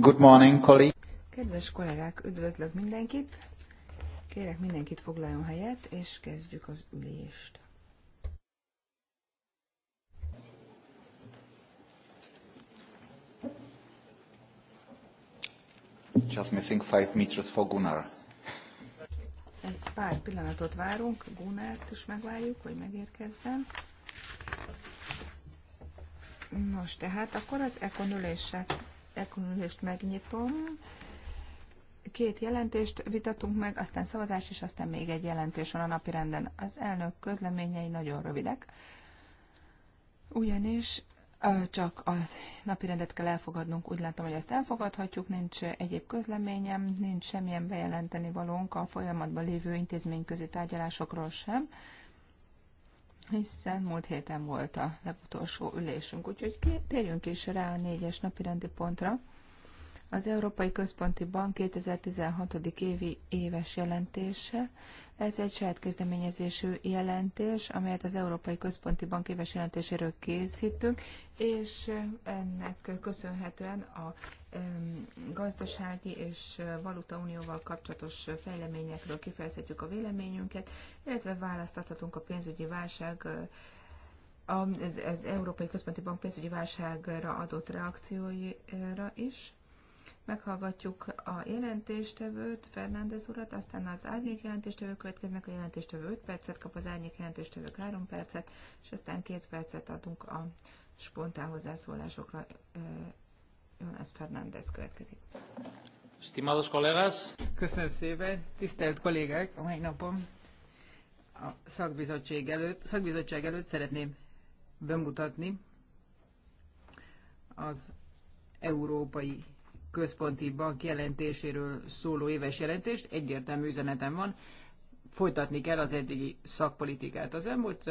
Good morning, colleague. Kedves kollégák, üdvözlök mindenkit. Kérek mindenkit foglaljon helyet, és kezdjük az ülést. Just missing five meters for Gunnar. Egy pár pillanatot várunk, Gunnárt is megvárjuk, hogy megérkezzen. Nos, tehát akkor az ekonülést megnyitom. Két jelentést vitatunk meg, aztán szavazás, és aztán még egy jelentés van a napi renden. Az elnök közleményei nagyon rövidek, ugyanis csak a napi rendet kell elfogadnunk, úgy látom, hogy ezt elfogadhatjuk, nincs egyéb közleményem, nincs semmilyen bejelenteni valónk a folyamatban lévő intézményközi tárgyalásokról sem hiszen múlt héten volt a legutolsó ülésünk, úgyhogy térjünk is rá a négyes napi rendi pontra. Az Európai Központi Bank 2016. évi éves jelentése. Ez egy saját kezdeményezésű jelentés, amelyet az Európai Központi Bank éves jelentéséről készítünk, és ennek köszönhetően a gazdasági és valutaunióval kapcsolatos fejleményekről kifejezhetjük a véleményünket, illetve választathatunk a pénzügyi válság az, az Európai Központi Bank pénzügyi válságra adott reakcióira is meghallgatjuk a jelentéstevőt, Fernández urat, aztán az árnyék jelentéstevő következnek, a jelentéstevő 5 percet kap, az árnyék jelentéstevő 3 percet, és aztán 2 percet adunk a spontán hozzászólásokra. Jonas Fernández következik. Stimados kollégás! Köszönöm szépen, tisztelt kollégák! A mai napon a szakbizottság előtt, szakbizottság előtt szeretném bemutatni az európai központi bank jelentéséről szóló éves jelentést, egyértelmű üzenetem van, folytatni kell az eddigi szakpolitikát. Az elmúlt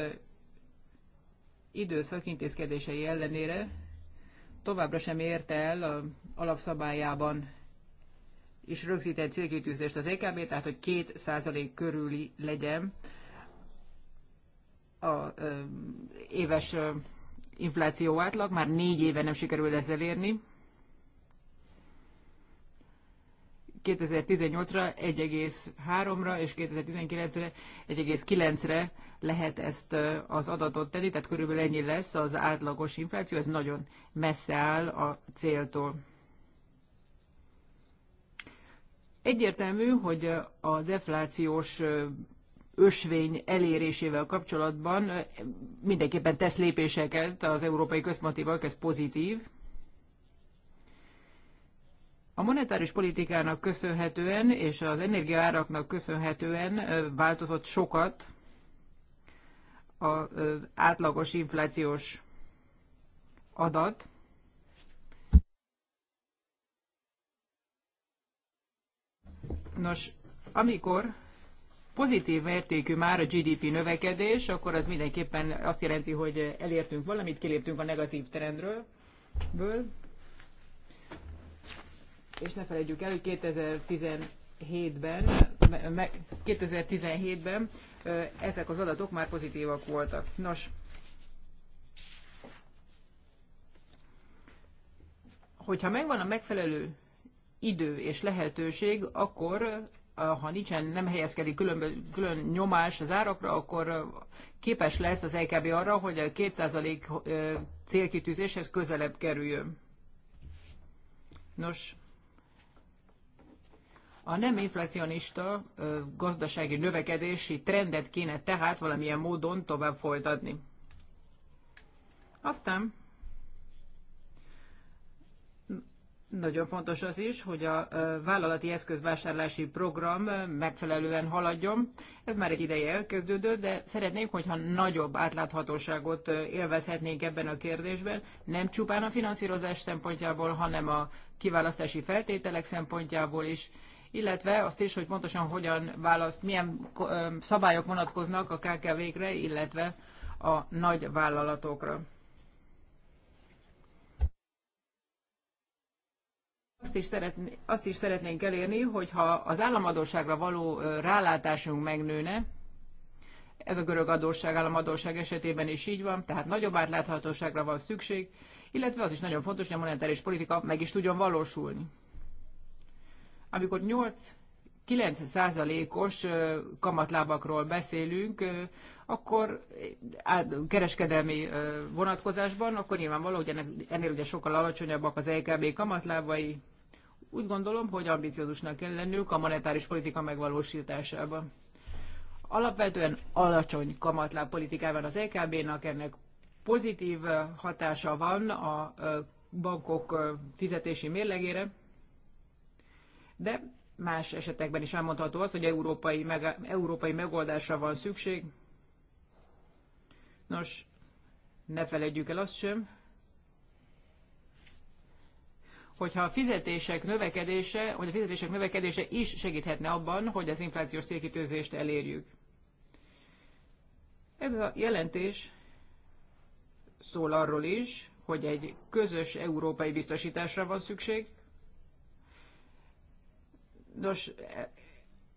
időszak intézkedései ellenére továbbra sem érte el a alapszabályában is rögzített célkitűzést az EKB, tehát hogy százalék körüli legyen a éves infláció átlag, már négy éve nem sikerül ezzel érni. 2018-ra 1,3-ra és 2019-re 1,9-re lehet ezt az adatot tenni, tehát körülbelül ennyi lesz az átlagos infláció, ez nagyon messze áll a céltól. Egyértelmű, hogy a deflációs ösvény elérésével kapcsolatban mindenképpen tesz lépéseket az Európai Központi Bank, ez pozitív, a monetáris politikának köszönhetően és az energiaáraknak köszönhetően változott sokat az átlagos inflációs adat. Nos, amikor pozitív mértékű már a GDP növekedés, akkor az mindenképpen azt jelenti, hogy elértünk valamit, kiléptünk a negatív trendről. Ből és ne felejtjük el, hogy 2017-ben, 2017-ben ezek az adatok már pozitívak voltak. Nos, hogyha megvan a megfelelő idő és lehetőség, akkor ha nincsen, nem helyezkedik külön, külön nyomás az árakra, akkor képes lesz az LKB arra, hogy a 2% célkitűzéshez közelebb kerüljön. Nos, a nem inflacionista gazdasági növekedési trendet kéne tehát valamilyen módon tovább folytatni. Aztán Nagyon fontos az is, hogy a vállalati eszközvásárlási program megfelelően haladjon. Ez már egy ideje elkezdődött, de szeretnénk, hogyha nagyobb átláthatóságot élvezhetnénk ebben a kérdésben, nem csupán a finanszírozás szempontjából, hanem a kiválasztási feltételek szempontjából is, illetve azt is, hogy pontosan hogyan választ, milyen szabályok vonatkoznak a KKV-kre, illetve a nagy vállalatokra. Azt is, szeretnénk, azt is szeretnénk elérni, hogyha az államadóságra való rálátásunk megnőne, ez a görög adósság, államadóság esetében is így van, tehát nagyobb átláthatóságra van szükség, illetve az is nagyon fontos, hogy a monetáris politika meg is tudjon valósulni. Amikor 8-9 százalékos kamatlábakról beszélünk, akkor kereskedelmi vonatkozásban, akkor nyilvánvaló, hogy ennek, ennél ugye sokkal alacsonyabbak az LKB kamatlábai. Úgy gondolom, hogy ambiciózusnak kell lennünk a monetáris politika megvalósításában. Alapvetően alacsony kamatláb politikában az LKB-nak ennek pozitív hatása van a bankok fizetési mérlegére, de más esetekben is elmondható az, hogy európai, meg, európai megoldásra van szükség. Nos, ne felejtjük el azt sem, hogyha a fizetések növekedése, hogy a fizetések növekedése is segíthetne abban, hogy az inflációs célkitőzést elérjük. Ez a jelentés szól arról is, hogy egy közös európai biztosításra van szükség, Nos,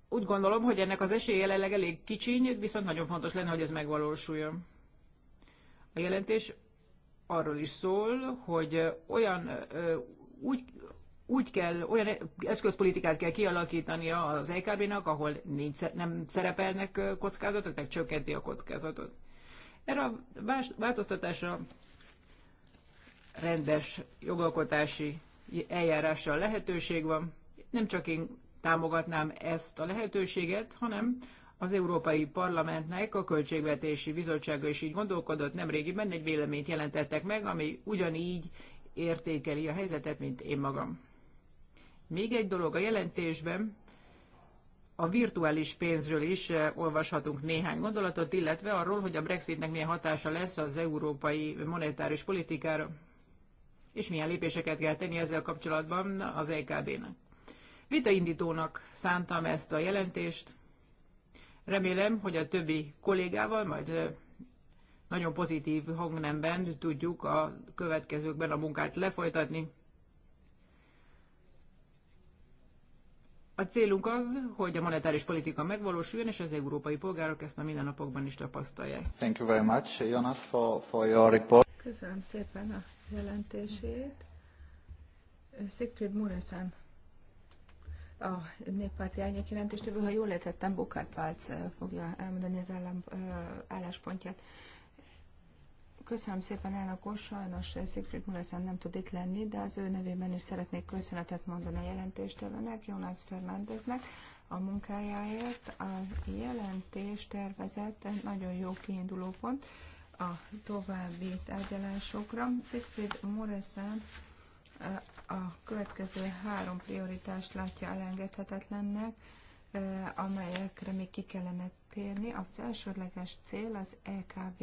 úgy gondolom, hogy ennek az esélye jelenleg elég kicsiny, viszont nagyon fontos lenne, hogy ez megvalósuljon. A jelentés arról is szól, hogy olyan úgy, úgy kell, olyan eszközpolitikát kell kialakítania az EKB-nak, ahol nincs, nem szerepelnek kockázatok, tehát csökkenti a kockázatot. Erre a változtatásra rendes jogalkotási eljárással lehetőség van. Nem csak én támogatnám ezt a lehetőséget, hanem az Európai Parlamentnek a Költségvetési Bizottsága is így gondolkodott, nemrégiben egy véleményt jelentettek meg, ami ugyanígy értékeli a helyzetet, mint én magam. Még egy dolog a jelentésben, a virtuális pénzről is eh, olvashatunk néhány gondolatot, illetve arról, hogy a Brexitnek milyen hatása lesz az európai monetáris politikára, és milyen lépéseket kell tenni ezzel kapcsolatban az EKB-nek. Vitaindítónak szántam ezt a jelentést. Remélem, hogy a többi kollégával majd nagyon pozitív hangnemben tudjuk a következőkben a munkát lefolytatni. A célunk az, hogy a monetáris politika megvalósuljon, és az európai polgárok ezt a mindennapokban is tapasztalják. Thank you very much, Jonas, for, for your report. Köszönöm szépen a jelentését. Siegfried Muresan a néppárti árnyék jelentéstől, ha jól értettem, Bokár Pálc fogja elmondani az állam, álláspontját. Köszönöm szépen, elnök úr, sajnos Szigfried Mulesen nem tud itt lenni, de az ő nevében is szeretnék köszönetet mondani a jelentéstevőnek, Jonas Fernándeznek, a munkájáért. A jelentés tervezett nagyon jó kiinduló pont a további tárgyalásokra. Szigfried Mulesen a következő három prioritást látja elengedhetetlennek, amelyekre még ki kellene térni. Az elsődleges cél az EKB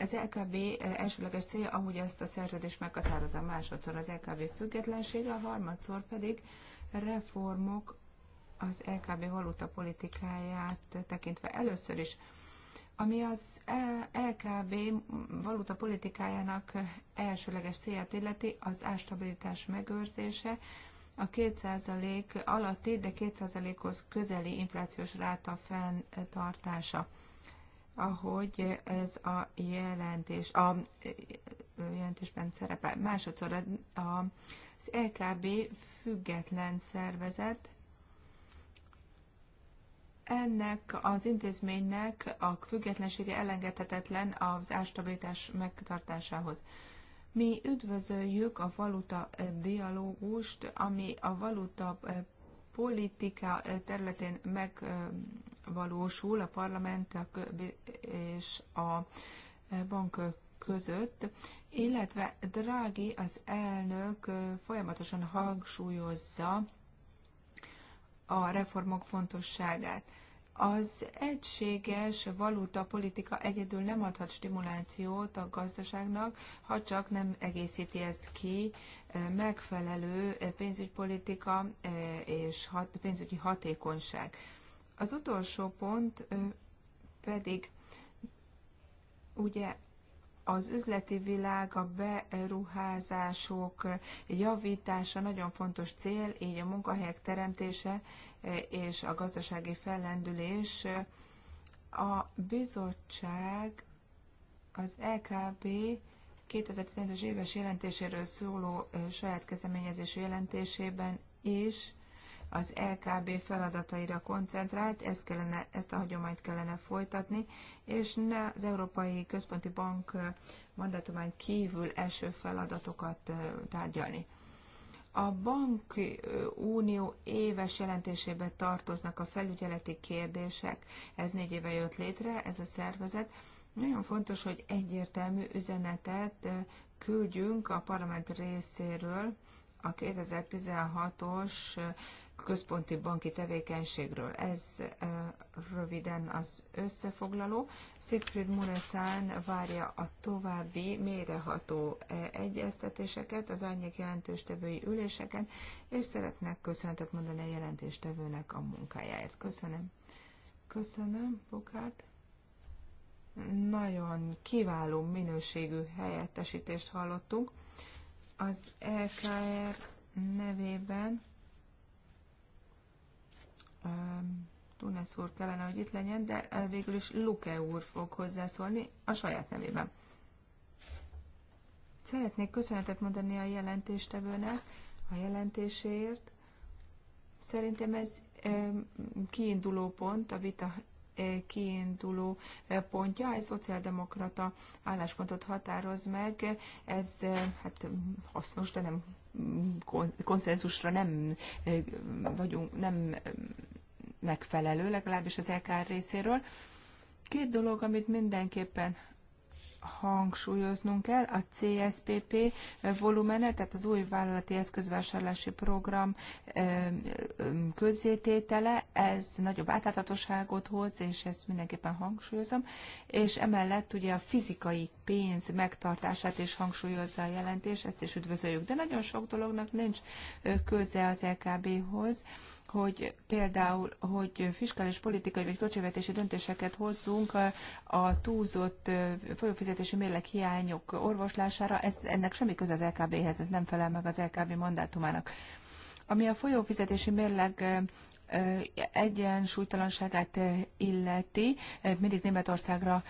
az LKB e elsőleges célja, ahogy ezt a szerződés meghatározza másodszor az LKB e függetlensége, a harmadszor pedig reformok az LKB e valuta politikáját tekintve először is ami az LKB valuta politikájának elsőleges célját illeti, az ástabilitás megőrzése, a 2% alatti, de 2%-hoz közeli inflációs ráta fenntartása, ahogy ez a jelentés, a jelentésben szerepel. Másodszor az LKB független szervezet, ennek az intézménynek a függetlensége elengedhetetlen az ástabilitás megtartásához. Mi üdvözöljük a valuta eh, dialógust, ami a valuta eh, politika eh, területén megvalósul a parlament és a bank között, illetve Drági az elnök folyamatosan hangsúlyozza a reformok fontosságát. Az egységes valuta politika egyedül nem adhat stimulációt a gazdaságnak, ha csak nem egészíti ezt ki e, megfelelő pénzügypolitika e, és hat, pénzügyi hatékonyság. Az utolsó pont e, pedig ugye az üzleti világ, a beruházások javítása nagyon fontos cél, így a munkahelyek teremtése e, és a gazdasági fellendülés. A bizottság az LKB 2015-es éves jelentéséről szóló e, saját kezdeményezésű jelentésében is az LKB feladataira koncentrált, ezt, kellene, ezt a hagyományt kellene folytatni, és ne az Európai Központi Bank mandátumán kívül első feladatokat tárgyalni. A bankunió éves jelentésébe tartoznak a felügyeleti kérdések. Ez négy éve jött létre, ez a szervezet. Nagyon fontos, hogy egyértelmű üzenetet küldjünk a parlament részéről a 2016-os központi banki tevékenységről. Ez röviden az összefoglaló. Siegfried Muresan várja a további méreható egyeztetéseket az árnyék jelentőstevői üléseken, és szeretnék köszönetet mondani a jelentéstevőnek a munkájáért. Köszönöm. Köszönöm, Bukát. Nagyon kiváló minőségű helyettesítést hallottunk. Az LKR e nevében Ehm, Tunes úr kellene, hogy itt legyen, de eh, végül is Luke úr fog hozzászólni a saját nevében. Szeretnék köszönetet mondani a jelentéstevőnek a jelentéséért. Szerintem ez ehm, kiinduló pont a vita kiinduló pontja, egy szociáldemokrata álláspontot határoz meg, ez hát hasznos, de nem konszenzusra nem vagyunk, nem megfelelő, legalábbis az LKR részéről. Két dolog, amit mindenképpen hangsúlyoznunk kell, a CSPP volumene, tehát az új vállalati eszközvásárlási program közzététele, ez nagyobb átláthatóságot hoz, és ezt mindenképpen hangsúlyozom, és emellett ugye a fizikai pénz megtartását is hangsúlyozza a jelentés, ezt is üdvözöljük, de nagyon sok dolognak nincs köze az LKB-hoz, hogy például, hogy fiskális politikai vagy költségvetési döntéseket hozzunk a túlzott folyófizetési mérleg hiányok orvoslására, ez, ennek semmi köze az LKB-hez, ez nem felel meg az LKB mandátumának. Ami a folyófizetési mérleg egyensúlytalanságát illeti, mindig Németországra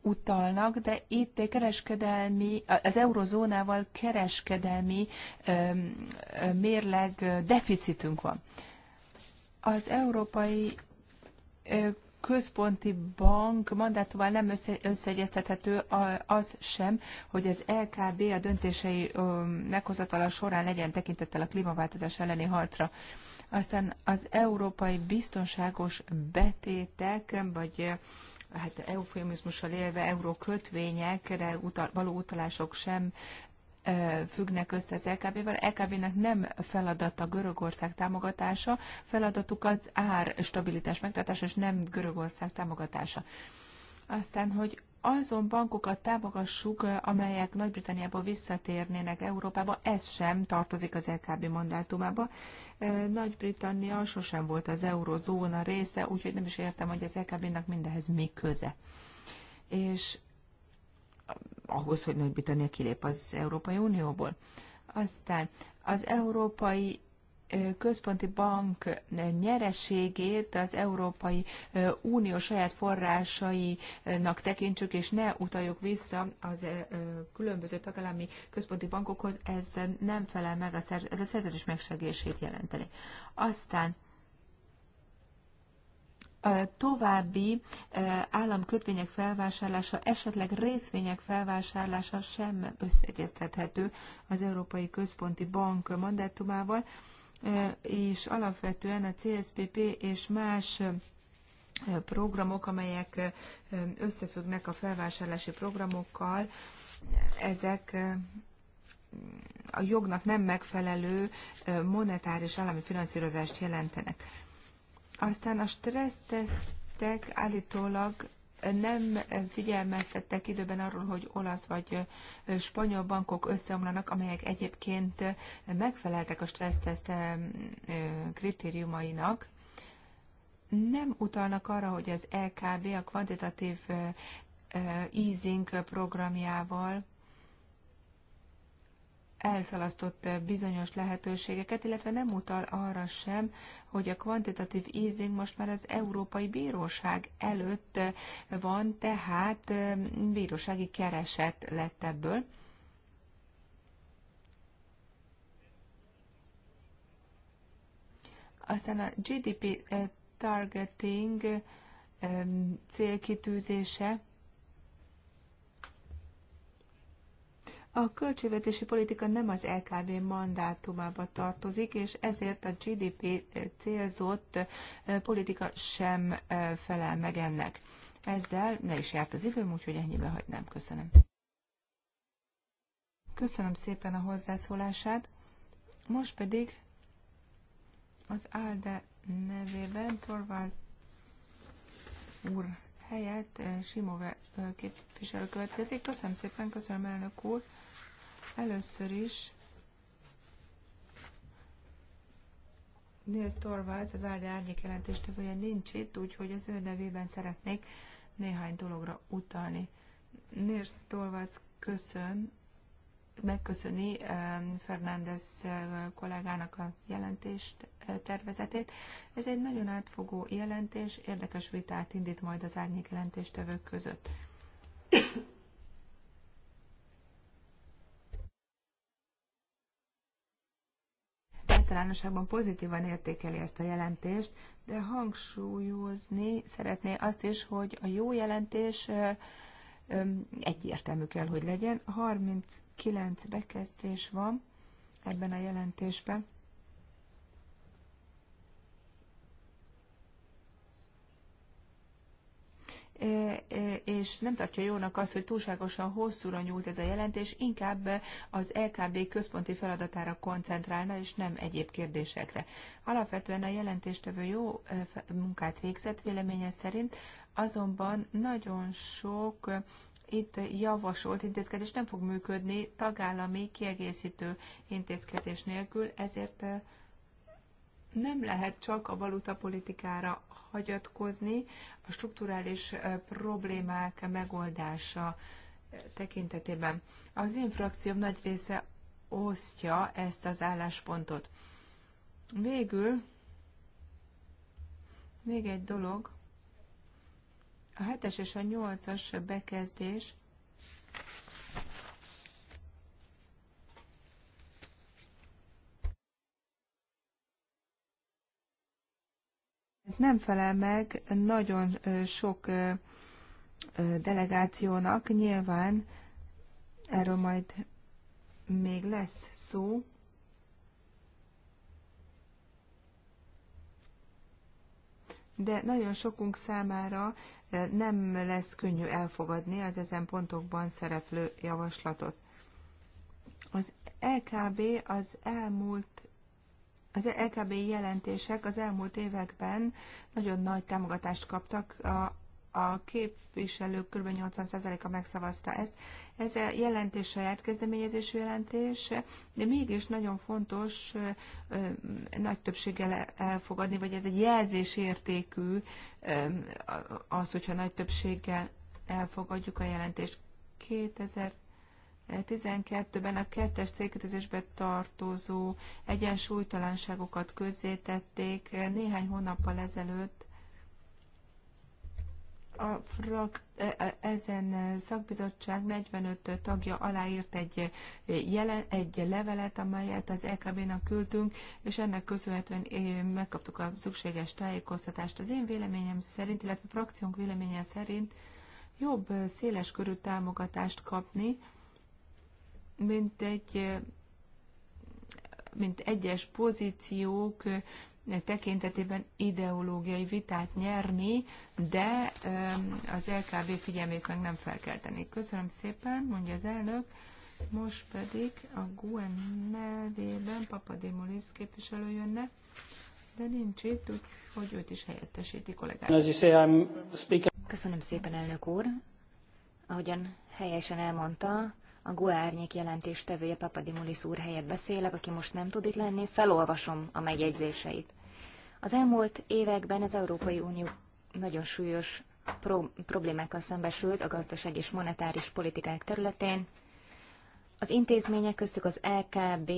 utalnak, de itt kereskedelmi, az eurozónával kereskedelmi mérleg deficitünk van. Az Európai Központi Bank mandátumával nem össze, összeegyeztethető az sem, hogy az LKB a döntései meghozatala során legyen tekintettel a klímaváltozás elleni harcra. Aztán az európai biztonságos betétek, vagy hát eufémizmussal élve eurókötvényekre utal, való utalások sem függnek össze az LKB-vel. LKB-nek nem feladata Görögország támogatása, feladatuk az ár stabilitás megtartása, és nem Görögország támogatása. Aztán, hogy azon bankokat támogassuk, amelyek Nagy-Britanniából visszatérnének Európába, ez sem tartozik az LKB mandátumába. Nagy-Britannia sosem volt az eurozóna része, úgyhogy nem is értem, hogy az LKB-nak mindehez mi köze. És ahhoz, hogy Nagy-Britannia kilép az Európai Unióból. Aztán az európai központi bank nyereségét az Európai Unió saját forrásainak tekintsük, és ne utaljuk vissza az különböző tagállami központi bankokhoz, ez nem felel meg, a szerz- ez a szerződés megsegését jelenteni. Aztán további államkötvények felvásárlása, esetleg részvények felvásárlása sem összeegyeztethető az Európai Központi Bank mandátumával és alapvetően a CSPP és más programok, amelyek összefüggnek a felvásárlási programokkal, ezek a jognak nem megfelelő monetáris állami finanszírozást jelentenek. Aztán a stressztesztek állítólag nem figyelmeztettek időben arról, hogy olasz vagy spanyol bankok összeomlanak, amelyek egyébként megfeleltek a stresszteszt kritériumainak. Nem utalnak arra, hogy az LKB e a kvantitatív easing programjával elszalasztott bizonyos lehetőségeket, illetve nem utal arra sem, hogy a kvantitatív easing most már az Európai Bíróság előtt van, tehát bírósági kereset lett ebből. Aztán a GDP targeting célkitűzése A költségvetési politika nem az LKB mandátumába tartozik, és ezért a GDP célzott politika sem felel meg ennek. Ezzel ne is járt az időm, úgyhogy ennyibe hagynám. Köszönöm. Köszönöm szépen a hozzászólását. Most pedig az Álde nevében Torvald úr helyett Simove képviselő következik. Köszönöm szépen, köszönöm elnök úr. Először is Nils Torvalds, az Áldi Árnyék jelentéstevője nincs itt, úgyhogy az ő nevében szeretnék néhány dologra utalni. Nils Torvalds köszön, megköszöni Fernández eh, kollégának a jelentést, eh, tervezetét. Ez egy nagyon átfogó jelentés, érdekes vitát indít majd az árnyék jelentéstevők között. általánosságban pozitívan értékeli ezt a jelentést, de hangsúlyozni szeretné azt is, hogy a jó jelentés egyértelmű kell, hogy legyen. 39 bekezdés van ebben a jelentésben. és nem tartja jónak azt, hogy túlságosan hosszúra nyúlt ez a jelentés, inkább az LKB központi feladatára koncentrálna, és nem egyéb kérdésekre. Alapvetően a jelentéstevő jó munkát végzett véleménye szerint, azonban nagyon sok itt javasolt intézkedés nem fog működni tagállami kiegészítő intézkedés nélkül, ezért nem lehet csak a valutapolitikára hagyatkozni, a strukturális problémák megoldása tekintetében. Az én frakcióm nagy része osztja ezt az álláspontot. Végül még egy dolog. A 7-es és a 8-as bekezdés nem felel meg nagyon sok delegációnak, nyilván erről majd még lesz szó. De nagyon sokunk számára nem lesz könnyű elfogadni az ezen pontokban szereplő javaslatot. Az LKB e az elmúlt az LKB e jelentések az elmúlt években nagyon nagy támogatást kaptak, a, a képviselők kb. 80%-a megszavazta ezt. Ez a jelentés saját kezdeményezésű jelentés, de mégis nagyon fontos nagy többséggel elfogadni, vagy ez egy jelzésértékű az, hogyha nagy többséggel elfogadjuk a jelentést. 2000 12-ben a kettes célkötözésbe tartozó egyensúlytalanságokat közzétették néhány hónappal ezelőtt. A frak, e, e, ezen szakbizottság 45 tagja aláírt egy, jelen, egy levelet, amelyet az EKB-nak küldtünk, és ennek köszönhetően megkaptuk a szükséges tájékoztatást. Az én véleményem szerint, illetve a frakciónk véleménye szerint jobb széles körű támogatást kapni, mint egy mint egyes pozíciók tekintetében ideológiai vitát nyerni, de az LKB figyelmét meg nem felkelteni. Köszönöm szépen, mondja az elnök. Most pedig a GUEN nevében Papadémolis képviselő jönne, de nincs itt, úgyhogy őt is helyettesíti kollégák. Köszönöm szépen, elnök úr. Ahogyan helyesen elmondta, a GUA árnyék jelentéstevője Papadimulis úr helyett beszélek, aki most nem tud itt lenni, felolvasom a megjegyzéseit. Az elmúlt években az Európai Unió nagyon súlyos pro- problémákkal szembesült a gazdaság és monetáris politikák területén. Az intézmények köztük az LKB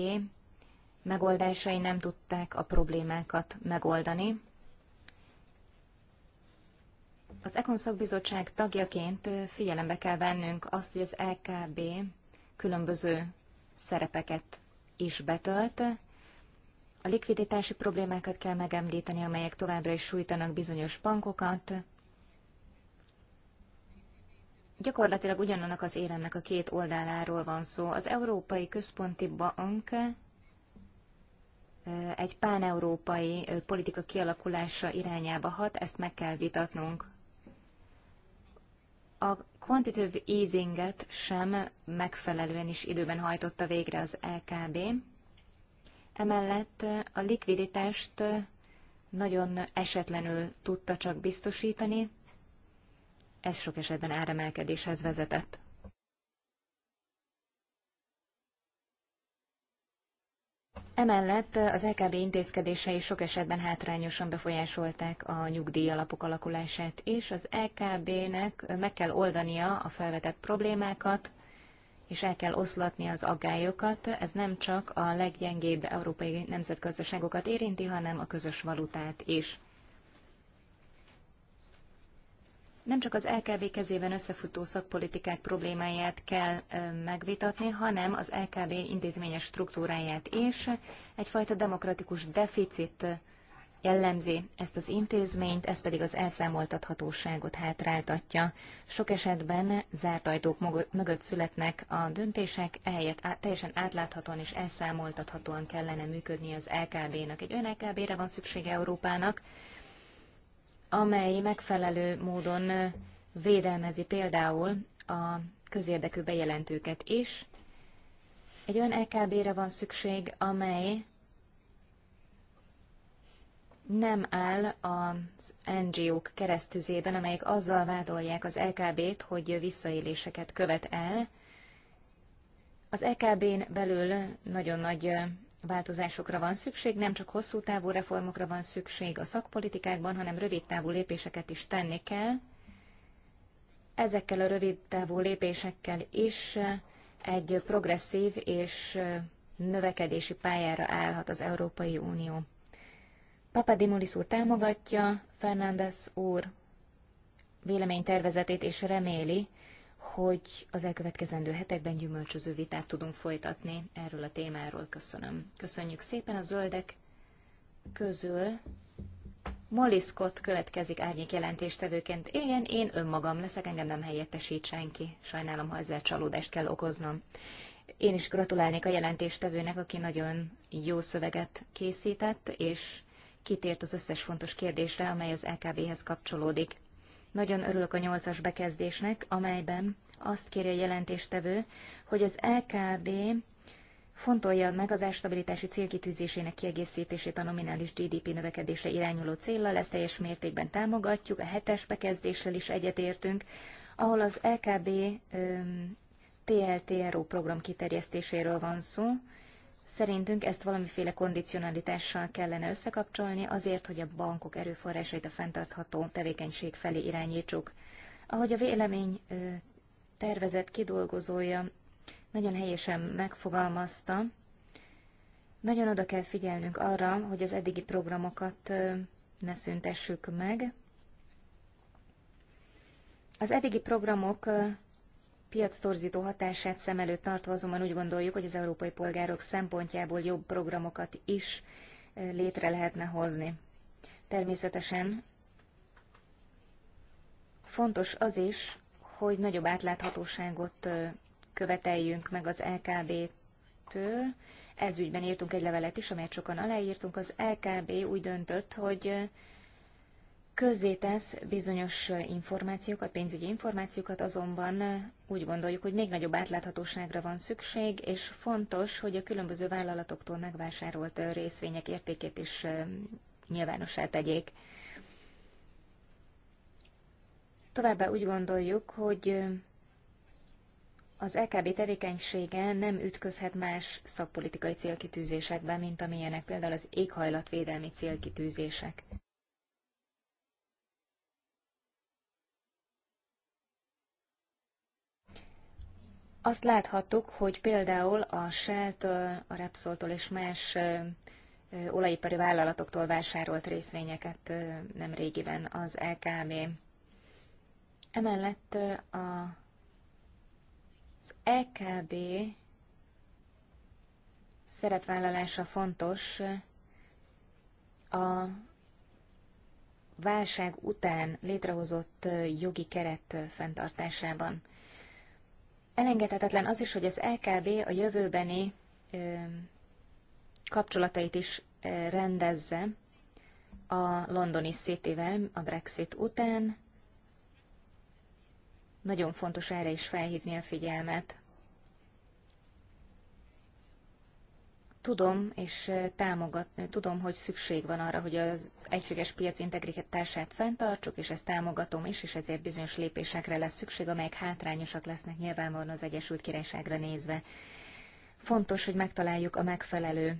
megoldásai nem tudták a problémákat megoldani. Az Ekonszakbizottság tagjaként figyelembe kell vennünk azt, hogy az LKB különböző szerepeket is betölt. A likviditási problémákat kell megemlíteni, amelyek továbbra is sújtanak bizonyos bankokat. Gyakorlatilag ugyanannak az éremnek a két oldaláról van szó. Az Európai Központi Bank egy páneurópai politika kialakulása irányába hat, ezt meg kell vitatnunk. A quantitative easinget sem megfelelően is időben hajtotta végre az LKB. Emellett a likviditást nagyon esetlenül tudta csak biztosítani, ez sok esetben áremelkedéshez vezetett. Emellett az LKB e intézkedései sok esetben hátrányosan befolyásolták a nyugdíjalapok alakulását és Az LKB-nek e meg kell oldania a felvetett problémákat, és el kell oszlatni az aggályokat. Ez nem csak a leggyengébb európai nemzetgazdaságokat érinti, hanem a közös valutát is. nem csak az LKB kezében összefutó szakpolitikák problémáját kell megvitatni, hanem az LKB intézményes struktúráját és egyfajta demokratikus deficit jellemzi ezt az intézményt, ez pedig az elszámoltathatóságot hátráltatja. Sok esetben zárt ajtók mögött születnek a döntések, ehelyett teljesen átláthatóan és elszámoltathatóan kellene működni az LKB-nak. Egy olyan LKB-re van szüksége Európának, amely megfelelő módon védelmezi például a közérdekű bejelentőket is. Egy olyan LKB-re van szükség, amely nem áll az NGO-k keresztüzében, amelyek azzal vádolják az LKB-t, hogy visszaéléseket követ el. Az LKB-n belül nagyon nagy változásokra van szükség, nem csak hosszú távú reformokra van szükség a szakpolitikákban, hanem rövid távú lépéseket is tenni kell. Ezekkel a rövid távú lépésekkel is egy progresszív és növekedési pályára állhat az Európai Unió. Papadimolis úr támogatja Fernández úr véleménytervezetét és reméli, hogy az elkövetkezendő hetekben gyümölcsöző vitát tudunk folytatni erről a témáról. Köszönöm. Köszönjük szépen a zöldek közül. Molly következik árnyék jelentéstevőként. Igen, én önmagam leszek, engem nem helyettesít senki. Sajnálom, ha ezzel csalódást kell okoznom. Én is gratulálnék a jelentéstevőnek, aki nagyon jó szöveget készített, és kitért az összes fontos kérdésre, amely az LKB-hez kapcsolódik. Nagyon örülök a nyolcas bekezdésnek, amelyben azt kéri a jelentéstevő, hogy az LKB fontolja meg az árstabilitási célkitűzésének kiegészítését a nominális GDP növekedésre irányuló célra ezt teljes mértékben támogatjuk, a hetes bekezdéssel is egyetértünk, ahol az LKB öm, TLTRO program kiterjesztéséről van szó, Szerintünk ezt valamiféle kondicionalitással kellene összekapcsolni azért, hogy a bankok erőforrásait a fenntartható tevékenység felé irányítsuk. Ahogy a vélemény tervezett kidolgozója nagyon helyesen megfogalmazta, nagyon oda kell figyelnünk arra, hogy az eddigi programokat ne szüntessük meg. Az eddigi programok piac torzító hatását szem előtt tartva azonban úgy gondoljuk, hogy az európai polgárok szempontjából jobb programokat is eh, létre lehetne hozni. Természetesen fontos az is, hogy nagyobb átláthatóságot eh, követeljünk meg az LKB-től. Ez írtunk egy levelet is, amelyet sokan aláírtunk. Az LKB úgy döntött, hogy eh, közzétesz bizonyos információkat, pénzügyi információkat, azonban úgy gondoljuk, hogy még nagyobb átláthatóságra van szükség, és fontos, hogy a különböző vállalatoktól megvásárolt részvények értékét is nyilvánossá tegyék. Továbbá úgy gondoljuk, hogy az LKB tevékenysége nem ütközhet más szakpolitikai célkitűzésekben, mint amilyenek például az éghajlatvédelmi célkitűzések. Azt láthattuk, hogy például a Shell-től, a Repsoltól és más olajipari vállalatoktól vásárolt részvényeket nem régiben az LKB. Emellett a, az LKB szerepvállalása fontos a válság után létrehozott jogi keret fenntartásában. Elengedhetetlen az is, hogy az LKB a jövőbeni kapcsolatait is rendezze a londoni Cityvel a Brexit után. Nagyon fontos erre is felhívni a figyelmet. Tudom, és támogat, tudom, hogy szükség van arra, hogy az egységes piac integritását fenntartsuk, és ezt támogatom is, és ezért bizonyos lépésekre lesz szükség, amelyek hátrányosak lesznek nyilvánvalóan az Egyesült Királyságra nézve. Fontos, hogy megtaláljuk a megfelelő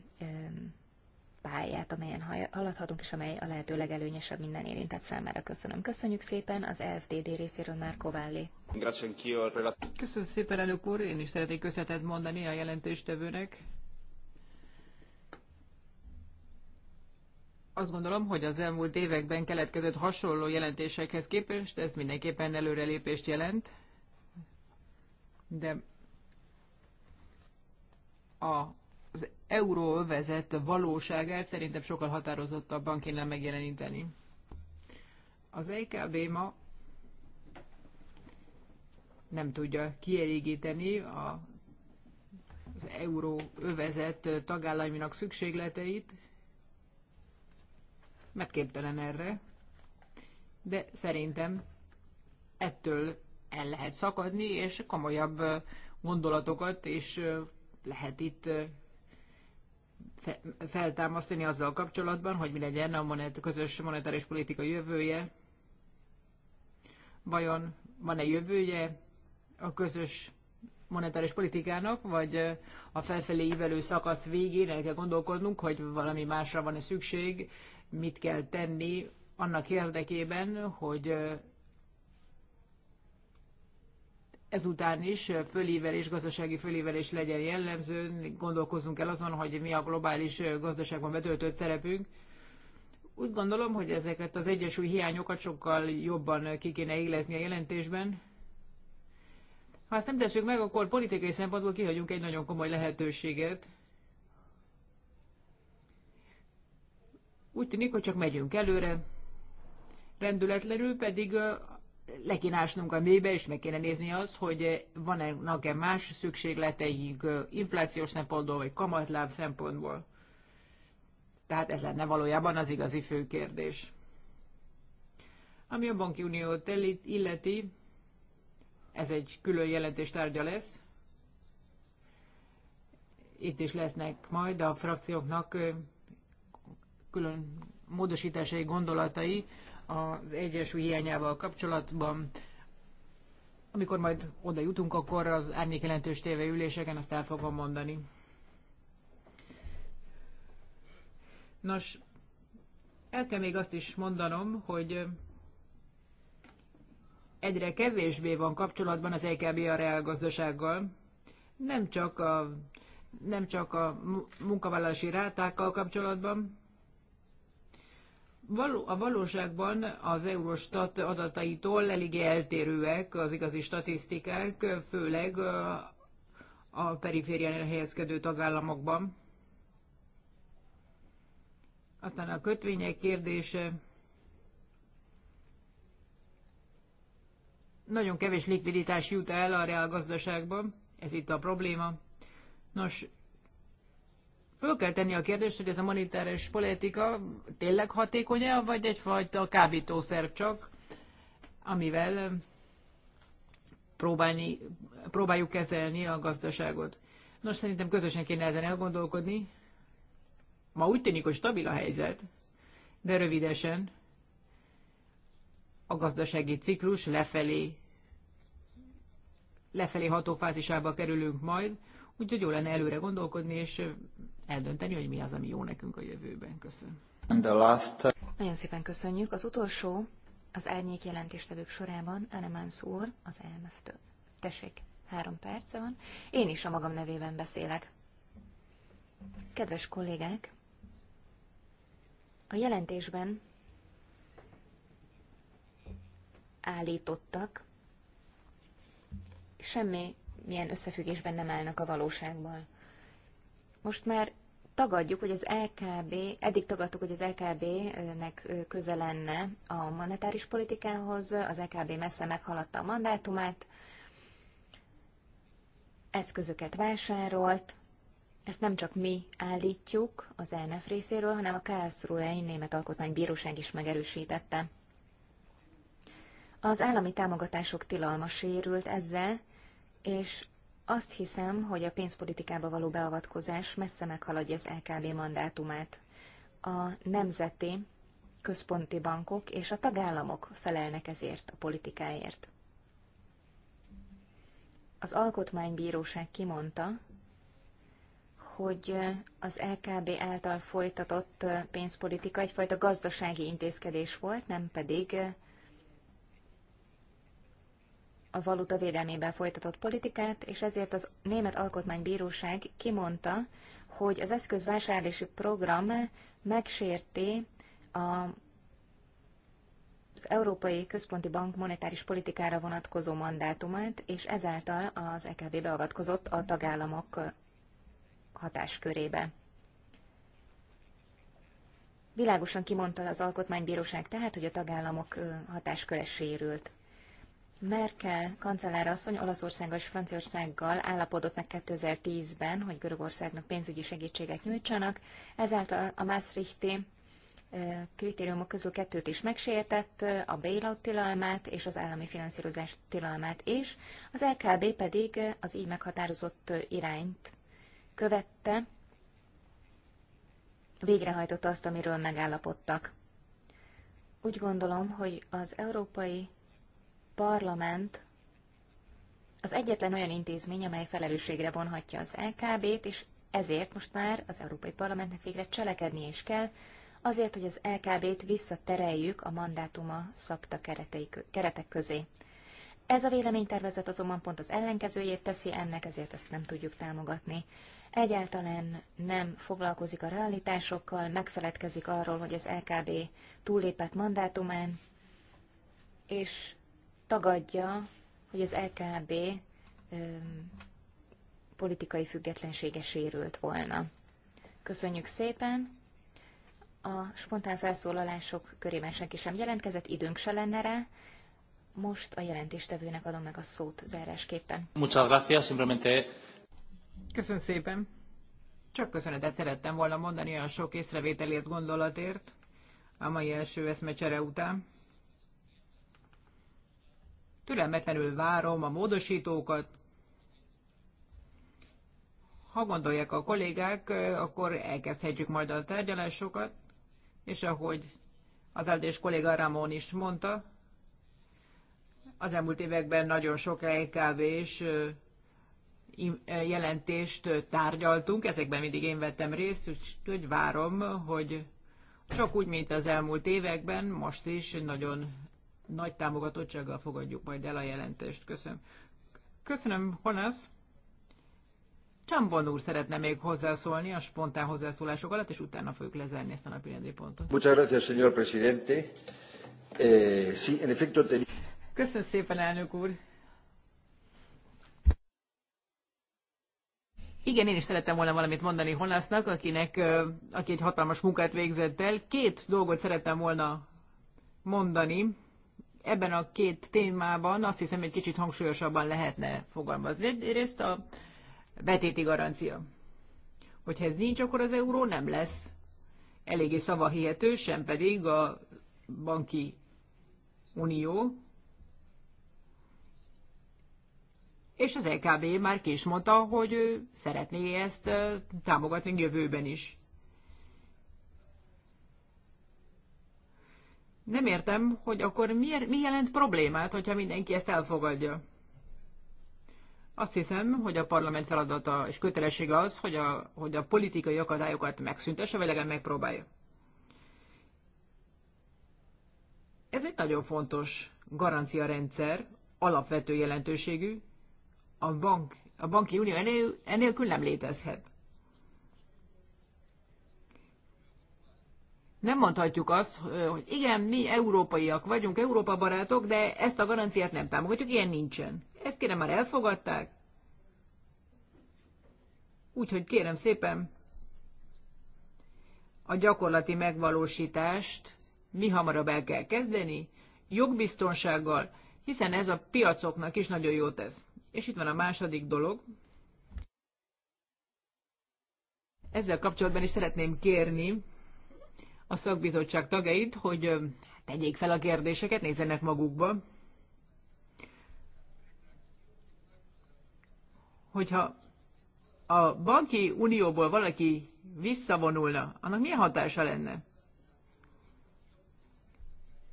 pályát, amelyen haladhatunk, és amely a lehető legelőnyesebb minden érintett számára. Köszönöm. Köszönjük szépen az FDD részéről már Kovállé. Köszönöm szépen, elnök úr. Én is szeretnék köszönetet mondani a jelentéstevőnek. azt gondolom, hogy az elmúlt években keletkezett hasonló jelentésekhez képest ez mindenképpen előrelépést jelent, de a, az euróövezet valóságát szerintem sokkal határozottabban kéne megjeleníteni. Az EKB ma nem tudja kielégíteni a, az euróövezet tagállaminak szükségleteit, mert képtelen erre, de szerintem ettől el lehet szakadni, és komolyabb gondolatokat és lehet itt feltámasztani azzal kapcsolatban, hogy mi legyen a monet, közös monetáris politika jövője, vajon van-e jövője a közös monetáris politikának, vagy a felfelé ívelő szakasz végén el kell gondolkodnunk, hogy valami másra van-e szükség, mit kell tenni annak érdekében, hogy ezután is fölívelés, gazdasági fölívelés legyen jellemző, gondolkozzunk el azon, hogy mi a globális gazdaságban betöltött szerepünk. Úgy gondolom, hogy ezeket az egyesúly hiányokat sokkal jobban ki kéne élezni a jelentésben. Ha ezt nem tesszük meg, akkor politikai szempontból kihagyunk egy nagyon komoly lehetőséget, Úgy tűnik, hogy csak megyünk előre, rendületlenül pedig le kéne ásnunk a mélybe, és meg kéne nézni azt, hogy vannak-e más szükségleteink inflációs szempontból, vagy kamatláb szempontból. Tehát ez lenne valójában az igazi fő kérdés. Ami a banki uniót illeti, ez egy külön jelentés tárgya lesz. Itt is lesznek majd a frakcióknak külön módosításai gondolatai az egyensúly hiányával kapcsolatban. Amikor majd oda jutunk, akkor az árnyék jelentős téve üléseken azt el fogom mondani. Nos, el kell még azt is mondanom, hogy egyre kevésbé van kapcsolatban az EKB a reálgazdasággal. Nem csak a, nem csak a munkavállalási rátákkal kapcsolatban, való, a valóságban az Eurostat adataitól eléggé eltérőek az igazi statisztikák, főleg a periférián elhelyezkedő tagállamokban. Aztán a kötvények kérdése. Nagyon kevés likviditás jut el a reálgazdaságban, ez itt a probléma. Nos, föl kell tenni a kérdést, hogy ez a monetáris politika tényleg hatékony-e, vagy egyfajta kábítószer csak, amivel um, próbálni, próbáljuk kezelni a gazdaságot. Nos, szerintem közösen kéne ezen elgondolkodni. Ma úgy tűnik, hogy stabil a helyzet, de rövidesen a gazdasági ciklus lefelé, lefelé ható fázisába kerülünk majd, úgyhogy jó lenne előre gondolkodni és eldönteni, hogy mi az, ami jó nekünk a jövőben. Köszönöm. And the last... Nagyon szépen köszönjük. Az utolsó az árnyék jelentéstevők sorában Elemánsz úr az emf Tessék, három perce van. Én is a magam nevében beszélek. Kedves kollégák, a jelentésben állítottak, semmi milyen összefüggésben nem állnak a valóságban. Most már tagadjuk, hogy az LKB, eddig tagadtuk, hogy az LKB-nek köze lenne a monetáris politikához, az LKB messze meghaladta a mandátumát, eszközöket vásárolt, ezt nem csak mi állítjuk az ELNF részéről, hanem a Karlsruhe-i Német Alkotmánybíróság is megerősítette. Az állami támogatások tilalma sérült ezzel, és azt hiszem, hogy a pénzpolitikába való beavatkozás messze meghaladja az LKB mandátumát. A nemzeti, központi bankok és a tagállamok felelnek ezért a politikáért. Az Alkotmánybíróság kimondta, hogy az LKB által folytatott pénzpolitika egyfajta gazdasági intézkedés volt, nem pedig a valuta védelmében folytatott politikát, és ezért az Német Alkotmánybíróság kimondta, hogy az eszközvásárlási program megsérti a, az Európai Központi Bank monetáris politikára vonatkozó mandátumát, és ezáltal az EKB beavatkozott a tagállamok hatáskörébe. Világosan kimondta az Alkotmánybíróság tehát, hogy a tagállamok hatásköre sérült. Merkel kancellárasszony Olaszországgal és Franciaországgal állapodott meg 2010-ben, hogy Görögországnak pénzügyi segítséget nyújtsanak, ezáltal a Maastrichti kritériumok közül kettőt is megsértett, a bailout tilalmát és az állami finanszírozás tilalmát is, az LKB pedig az így meghatározott irányt követte, végrehajtotta azt, amiről megállapodtak. Úgy gondolom, hogy az európai parlament az egyetlen olyan intézmény, amely felelősségre vonhatja az LKB-t, és ezért most már az Európai Parlamentnek végre cselekedni is kell, azért, hogy az LKB-t visszatereljük a mandátuma szabta keretek közé. Ez a véleménytervezet azonban pont az ellenkezőjét teszi ennek, ezért ezt nem tudjuk támogatni. Egyáltalán nem foglalkozik a realitásokkal, megfeledkezik arról, hogy az LKB túllépett mandátumán, és tagadja, hogy az LKB politikai függetlensége sérült volna. Köszönjük szépen! A spontán felszólalások körében senki sem jelentkezett, időnk se lenne rá. Most a jelentéstevőnek adom meg a szót zárásképpen. Muchas gracias, simplemente... Köszönöm szépen! Csak köszönetet szerettem volna mondani a sok észrevételért, gondolatért a mai első eszmecsere után. Türelmetlenül várom a módosítókat. Ha gondolják a kollégák, akkor elkezdhetjük majd a tárgyalásokat, és ahogy az áldés kolléga Ramón is mondta, az elmúlt években nagyon sok lkv és jelentést tárgyaltunk, ezekben mindig én vettem részt, úgyhogy várom, hogy csak úgy, mint az elmúlt években, most is nagyon nagy támogatottsággal fogadjuk majd el a jelentést. Köszönöm. Köszönöm, Honasz. Csambon úr szeretne még hozzászólni a spontán hozzászólások alatt, és utána fogjuk lezárni ezt a napi rendi pontot. Muchas gracias, señor presidente. Eh, sí, en efecto, ten... Köszönöm szépen, elnök úr. Igen, én is szerettem volna valamit mondani Honasznak, akinek, aki egy hatalmas munkát végzett el. Két dolgot szerettem volna mondani ebben a két témában azt hiszem, egy kicsit hangsúlyosabban lehetne fogalmazni. Egyrészt a betéti garancia. Hogyha ez nincs, akkor az euró nem lesz eléggé szavahihető, sem pedig a banki unió. És az LKB már ki is mondta, hogy ő szeretné ezt támogatni jövőben is. Nem értem, hogy akkor miért, mi jelent problémát, hogyha mindenki ezt elfogadja. Azt hiszem, hogy a parlament feladata és kötelessége az, hogy a, hogy a politikai akadályokat megszüntesse, vagy legalább megpróbálja. Ez egy nagyon fontos garanciarendszer, alapvető jelentőségű, a, bank, a banki unió enélkül nem létezhet. nem mondhatjuk azt, hogy igen, mi európaiak vagyunk, Európa barátok, de ezt a garanciát nem támogatjuk, ilyen nincsen. Ezt kérem már elfogadták. Úgyhogy kérem szépen a gyakorlati megvalósítást mi hamarabb el kell kezdeni, jogbiztonsággal, hiszen ez a piacoknak is nagyon jót tesz. És itt van a második dolog. Ezzel kapcsolatban is szeretném kérni a szakbizottság tagjait, hogy tegyék fel a kérdéseket, nézzenek magukba. Hogyha a banki unióból valaki visszavonulna, annak milyen hatása lenne?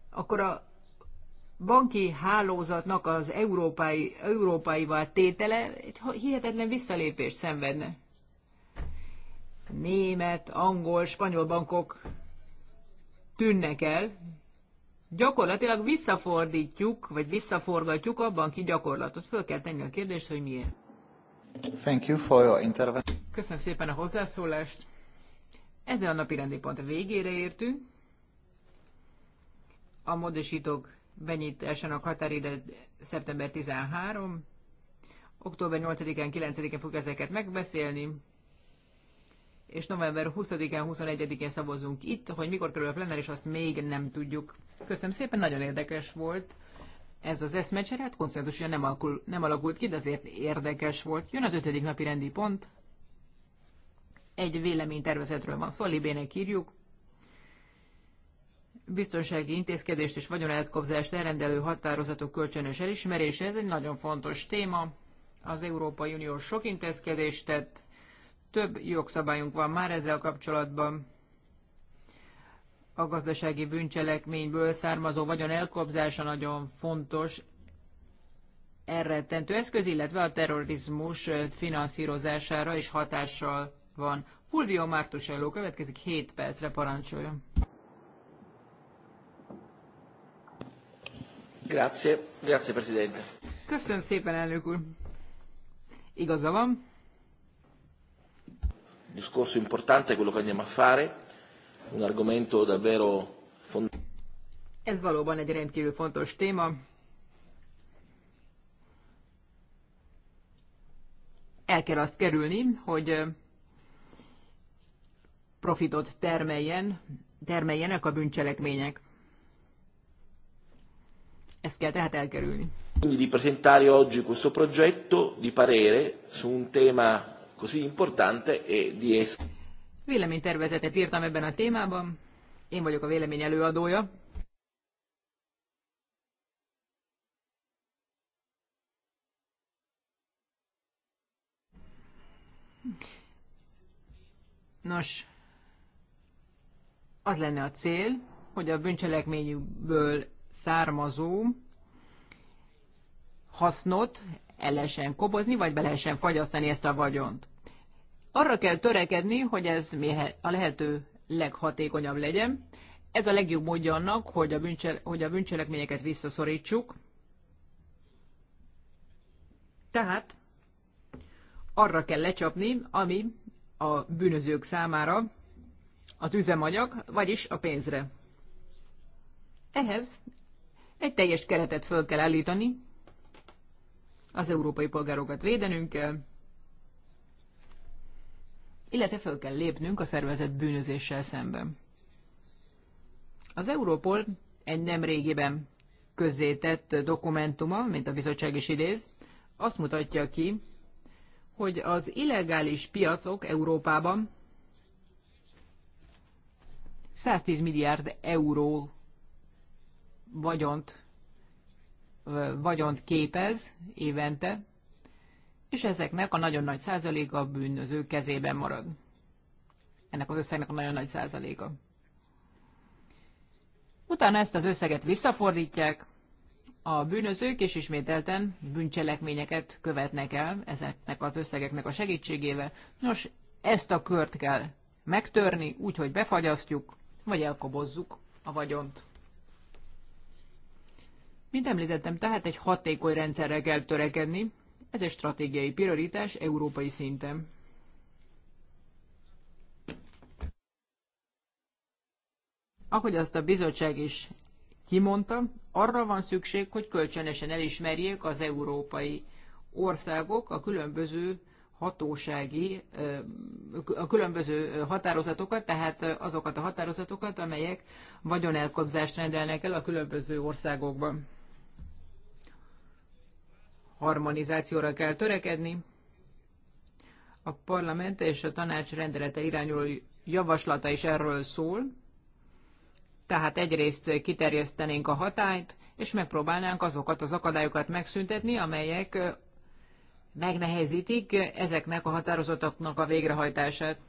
Akkor a banki hálózatnak az európai, európaival tétele egy hihetetlen visszalépést szenvedne. Német, angol, spanyol bankok tűnnek el, gyakorlatilag visszafordítjuk, vagy visszaforgatjuk abban ki gyakorlatot. Föl kell tenni a kérdést, hogy miért. Thank you for your intervention. Köszönöm szépen a hozzászólást. Ezzel a napi rendi pont végére értünk. A módosítók benyitásának határide szeptember 13. Október 8-án, 9-én fog ezeket megbeszélni és november 20-án, 21-én szavazunk itt, hogy mikor kerül a plenáris, azt még nem tudjuk. Köszönöm szépen, nagyon érdekes volt ez az eszmecsere, hát konszentusan nem, alakul, nem alakult ki, de azért érdekes volt. Jön az ötödik napi rendi pont, egy véleménytervezetről van szó, Libének írjuk, biztonsági intézkedést és vagyonelkobzást elrendelő határozatok kölcsönös elismerése. Ez egy nagyon fontos téma. Az Európai Unió sok intézkedést tett, több jogszabályunk van már ezzel kapcsolatban. A gazdasági bűncselekményből származó vagyon elkobzása nagyon fontos elrettentő eszköz, illetve a terrorizmus finanszírozására is hatással van. Fulvio Martusello következik 7 percre parancsoljon. Grazie, grazie Presidente. Köszönöm szépen, elnök úr. Igaza van discorso importante quello che andiamo a fare, un argomento davvero fondamentale. Ez valóban egy rendkívül fontos téma. El kell azt kerülni, hogy profitot termeljen, termeljenek a bűncselekmények. Ezt kell tehát elkerülni. Quindi di presentare oggi questo progetto di parere su un tema così importante e di essere. Véleménytervezetet írtam ebben a témában. Én vagyok a vélemény előadója. Nos, az lenne a cél, hogy a bűncselekményükből származó hasznot el lehessen kobozni, vagy be lehessen fagyasztani ezt a vagyont. Arra kell törekedni, hogy ez a lehető leghatékonyabb legyen. Ez a legjobb módja annak, hogy a, bűncse, hogy a bűncselekményeket visszaszorítsuk. Tehát arra kell lecsapni, ami a bűnözők számára az üzemanyag, vagyis a pénzre. Ehhez egy teljes keretet föl kell állítani, az európai polgárokat védenünk kell, illetve föl kell lépnünk a szervezett bűnözéssel szemben. Az Európol egy nem régiben közzétett dokumentuma, mint a bizottság is idéz, azt mutatja ki, hogy az illegális piacok Európában 110 milliárd euró vagyont vagyont képez évente, és ezeknek a nagyon nagy százaléka a bűnöző kezében marad. Ennek az összegnek a nagyon nagy százaléka. Utána ezt az összeget visszafordítják, a bűnözők és ismételten bűncselekményeket követnek el ezeknek az összegeknek a segítségével. Nos, ezt a kört kell megtörni, úgyhogy befagyasztjuk, vagy elkobozzuk a vagyont. Mint említettem, tehát egy hatékony rendszerre kell törekedni, ez egy stratégiai prioritás európai szinten. Ahogy azt a bizottság is kimondta, arra van szükség, hogy kölcsönösen elismerjék az európai országok a különböző hatósági, a különböző határozatokat, tehát azokat a határozatokat, amelyek vagyonelkobzást rendelnek el a különböző országokban harmonizációra kell törekedni. A parlament és a tanács rendelete irányuló javaslata is erről szól, tehát egyrészt kiterjesztenénk a hatályt, és megpróbálnánk azokat az akadályokat megszüntetni, amelyek megnehezítik ezeknek a határozatoknak a végrehajtását.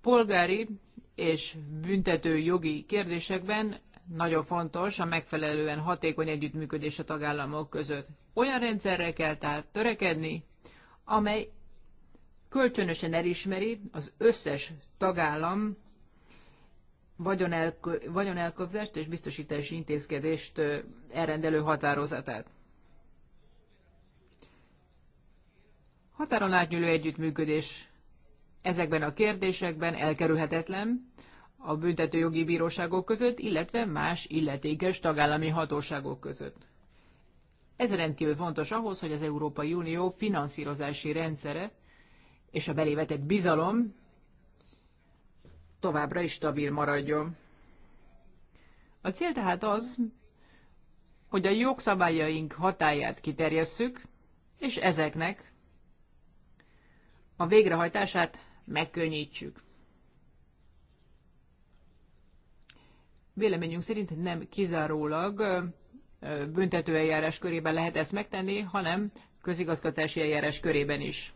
Polgári és büntető jogi kérdésekben nagyon fontos a megfelelően hatékony együttműködés a tagállamok között. Olyan rendszerre kell tehát törekedni, amely kölcsönösen elismeri az összes tagállam vagyonelkövzést és biztosítási intézkedést elrendelő határozatát. Határon átnyúló együttműködés ezekben a kérdésekben elkerülhetetlen, a büntetőjogi bíróságok között, illetve más illetékes tagállami hatóságok között. Ez rendkívül fontos ahhoz, hogy az Európai Unió finanszírozási rendszere és a belévetett bizalom továbbra is stabil maradjon. A cél tehát az, hogy a jogszabályaink hatáját kiterjesszük, és ezeknek a végrehajtását megkönnyítsük. véleményünk szerint nem kizárólag büntetőeljárás körében lehet ezt megtenni, hanem közigazgatási eljárás körében is.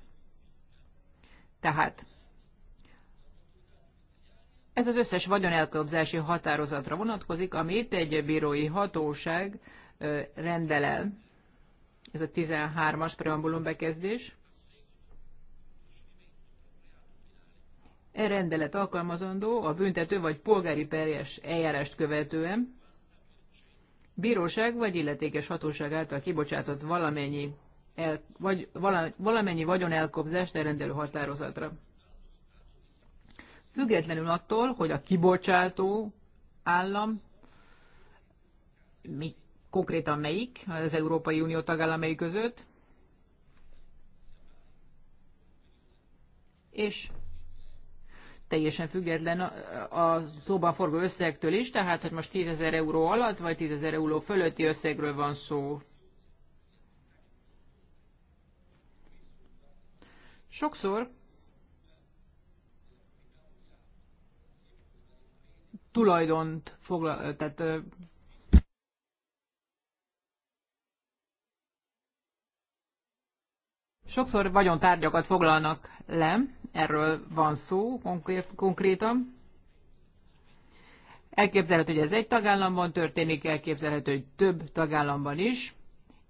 Tehát ez az összes vagyonelkobzási határozatra vonatkozik, amit egy bírói hatóság rendel el. Ez a 13-as preambulum bekezdés. E rendelet alkalmazandó a büntető vagy polgári perjes eljárást követően bíróság vagy illetékes hatóság által kibocsátott valamennyi, el, vagy, vala, valamennyi vagyon elkobzást elrendelő határozatra. Függetlenül attól, hogy a kibocsátó állam mi, konkrétan melyik az Európai Unió tagállamai között, és teljesen független a szóban forgó összegtől is, tehát hogy most 10 ezer euró alatt vagy 10 ezer euró fölötti összegről van szó. Sokszor tulajdont foglal, tehát sokszor vagyontárgyakat foglalnak le, erről van szó konkrétan. Elképzelhető, hogy ez egy tagállamban történik, elképzelhető, hogy több tagállamban is.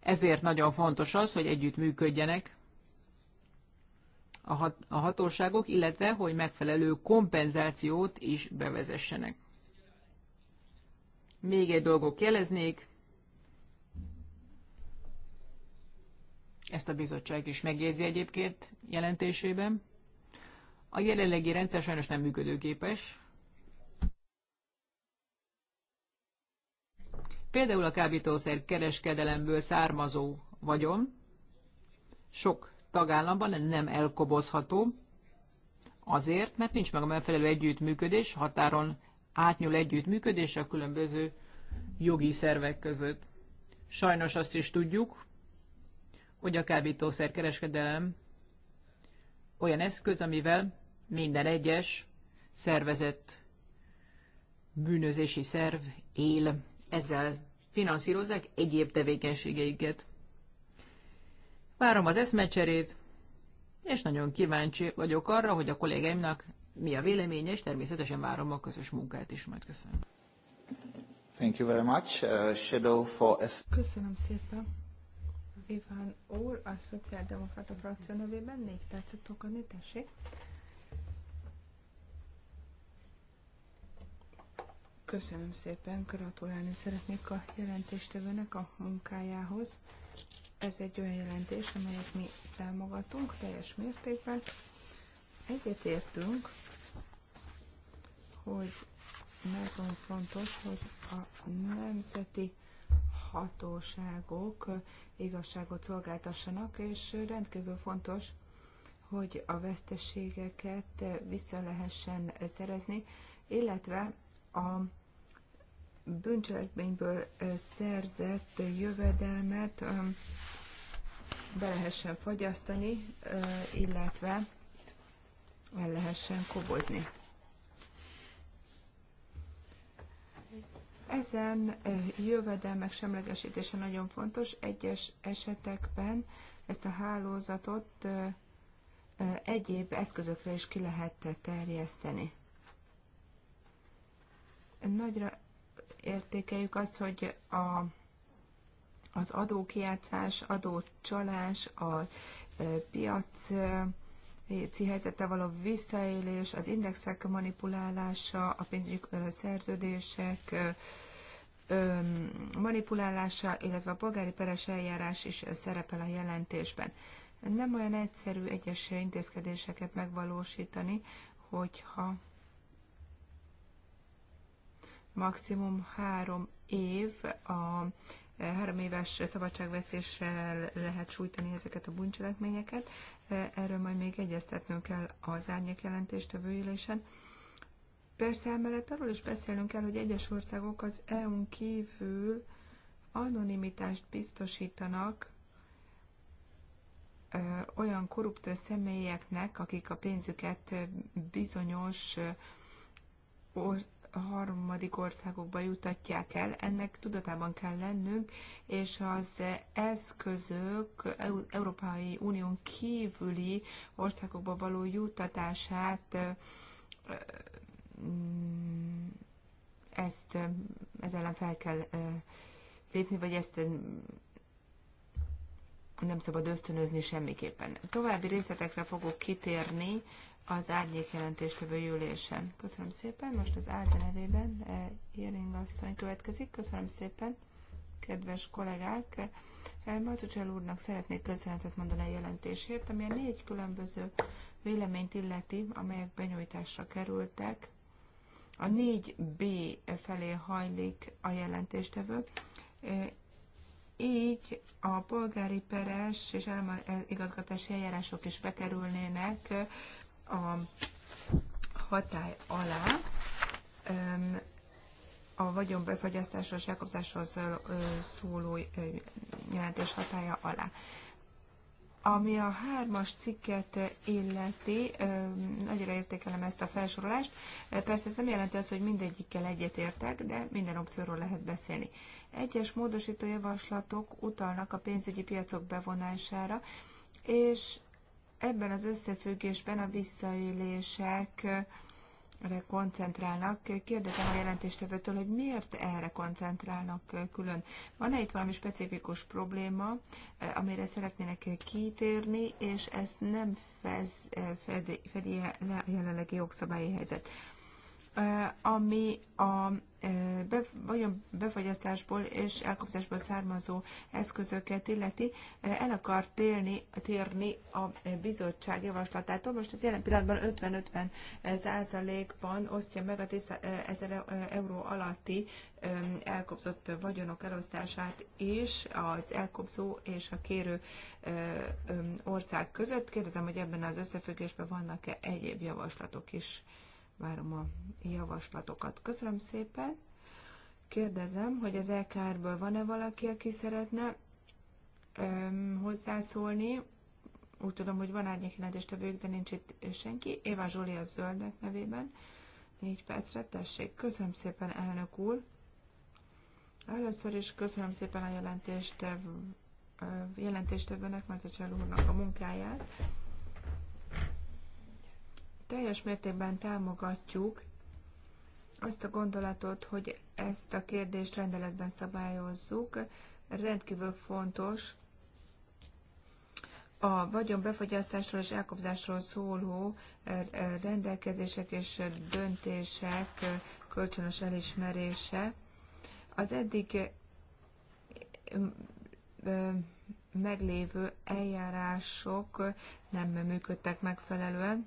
Ezért nagyon fontos az, hogy együtt működjenek a, hatóságok, illetve hogy megfelelő kompenzációt is bevezessenek. Még egy dolgot jeleznék. Ezt a bizottság is megjegyzi egyébként jelentésében. A jelenlegi rendszer sajnos nem működőképes. Például a kábítószer kereskedelemből származó vagyon sok tagállamban nem elkobozható, azért, mert nincs meg a megfelelő együttműködés, határon átnyúl együttműködés a különböző jogi szervek között. Sajnos azt is tudjuk, hogy a kábítószer kereskedelem olyan eszköz, amivel minden egyes szervezett bűnözési szerv él. Ezzel finanszírozzák egyéb tevékenységeiket. Várom az eszmecserét, és nagyon kíváncsi vagyok arra, hogy a kollégáimnak mi a véleménye, és természetesen várom a közös munkát is. Majd köszönöm. Thank you very much. Uh, shadow for S Köszönöm szépen. Iván úr, a Szociáldemokrata frakció nevében négy percet tudok tessék. Köszönöm szépen, gratulálni szeretnék a jelentéstevőnek a munkájához. Ez egy olyan jelentés, amelyet mi támogatunk teljes mértékben. Egyetértünk, hogy nagyon fontos, hogy a nemzeti hatóságok igazságot szolgáltassanak, és rendkívül fontos, hogy a veszteségeket vissza lehessen szerezni, illetve a bűncselekményből szerzett jövedelmet be lehessen fogyasztani, illetve el lehessen kobozni. Ezen jövedelmek semlegesítése nagyon fontos. Egyes esetekben ezt a hálózatot egyéb eszközökre is ki lehet terjeszteni. Nagyra értékeljük azt, hogy a, az adókiátszás, adócsalás, a e, piac helyzete való visszaélés, az indexek manipulálása, a pénzügyi szerződések manipulálása, illetve a polgári peres eljárás is szerepel a jelentésben. Nem olyan egyszerű egyes intézkedéseket megvalósítani, hogyha maximum három év a eh, három éves szabadságvesztéssel lehet sújtani ezeket a bűncselekményeket. Eh, erről majd még egyeztetnünk kell az árnyék jelentést a ülésen. Persze emellett arról is beszélnünk kell, hogy egyes országok az EU-n kívül anonimitást biztosítanak eh, olyan korrupt személyeknek, akik a pénzüket bizonyos a harmadik országokba jutatják el. Ennek tudatában kell lennünk, és az eszközök Európai Unión kívüli országokba való jutatását mm, ezt ez ellen fel kell lépni, vagy ezt nem szabad ösztönözni semmiképpen. További részletekre fogok kitérni az árnyék jelentéstevő ülésen. Köszönöm szépen, most az Árda nevében eh, Jering asszony következik. Köszönöm szépen, kedves kollégák. Eh, Matucsel úrnak szeretnék köszönetet mondani a jelentésért, ami a négy különböző véleményt illeti, amelyek benyújtásra kerültek. A 4B felé hajlik a jelentéstevő. Eh, így a polgári peres és igazgatási eljárások is bekerülnének a hatály alá a vagyonbefagyasztásról és elkobzásról szóló jelentés hatája alá. Ami a hármas cikket illeti, nagyra értékelem ezt a felsorolást. Persze ez nem jelenti azt, hogy mindegyikkel egyetértek, de minden opcióról lehet beszélni. Egyes módosító javaslatok utalnak a pénzügyi piacok bevonására, és Ebben az összefüggésben a visszaélések eh, koncentrálnak. Kérdezem a jelentéstevőtől, hogy miért erre koncentrálnak eh, külön. Van-e itt valami specifikus probléma, eh, amire szeretnének kitérni, és ezt nem fez, fedi, fedi le a jelenlegi jogszabályi helyzet? Eh, ami a eh, vagyon befogyasztásból és elkobzásból származó eszközöket illeti, eh, el akar térni, térni a bizottság javaslatától. Most az jelen pillanatban 50-50 százalékban osztja meg a 10 ezer euró alatti elkobzott vagyonok elosztását is az elkobzó és a kérő ország között. Kérdezem, hogy ebben az összefüggésben vannak-e egyéb javaslatok is várom a javaslatokat. Köszönöm szépen. Kérdezem, hogy az EKR-ből van-e valaki, aki szeretne öm, hozzászólni? Úgy tudom, hogy van árnyékjelentéstevők, de nincs itt senki. Éva Zsoli a zöldnek nevében. Négy percre, tessék. Köszönöm szépen, elnök úr. Először is köszönöm szépen a jelentést, jelentéstevőnek, mert a Csel úrnak a munkáját teljes mértékben támogatjuk azt a gondolatot, hogy ezt a kérdést rendeletben szabályozzuk. Rendkívül fontos a vagyon befogyasztásról és elkobzásról szóló eh, eh, rendelkezések és döntések eh, kölcsönös elismerése. Az eddig meglévő eljárások nem működtek megfelelően.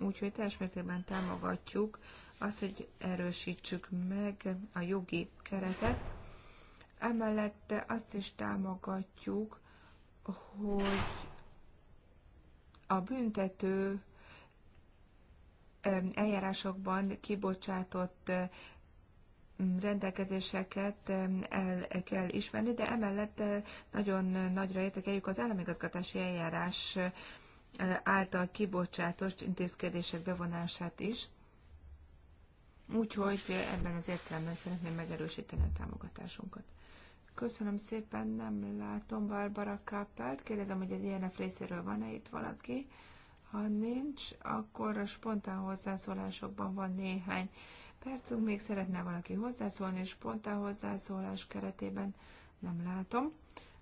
Úgyhogy teljes mértékben támogatjuk azt, hogy erősítsük meg a jogi keretet. Emellett azt is támogatjuk, hogy a büntető eljárásokban kibocsátott rendelkezéseket el kell ismerni, de emellett nagyon nagyra értékeljük az államigazgatási eljárás által kibocsátott intézkedések bevonását is. Úgyhogy ebben az értelemben szeretném megerősíteni a támogatásunkat. Köszönöm szépen, nem látom Barbara Kappelt. Kérdezem, hogy az INF e részéről van-e itt valaki. Ha nincs, akkor a spontán hozzászólásokban van néhány percünk. Még szeretne valaki hozzászólni, és spontán hozzászólás keretében nem látom.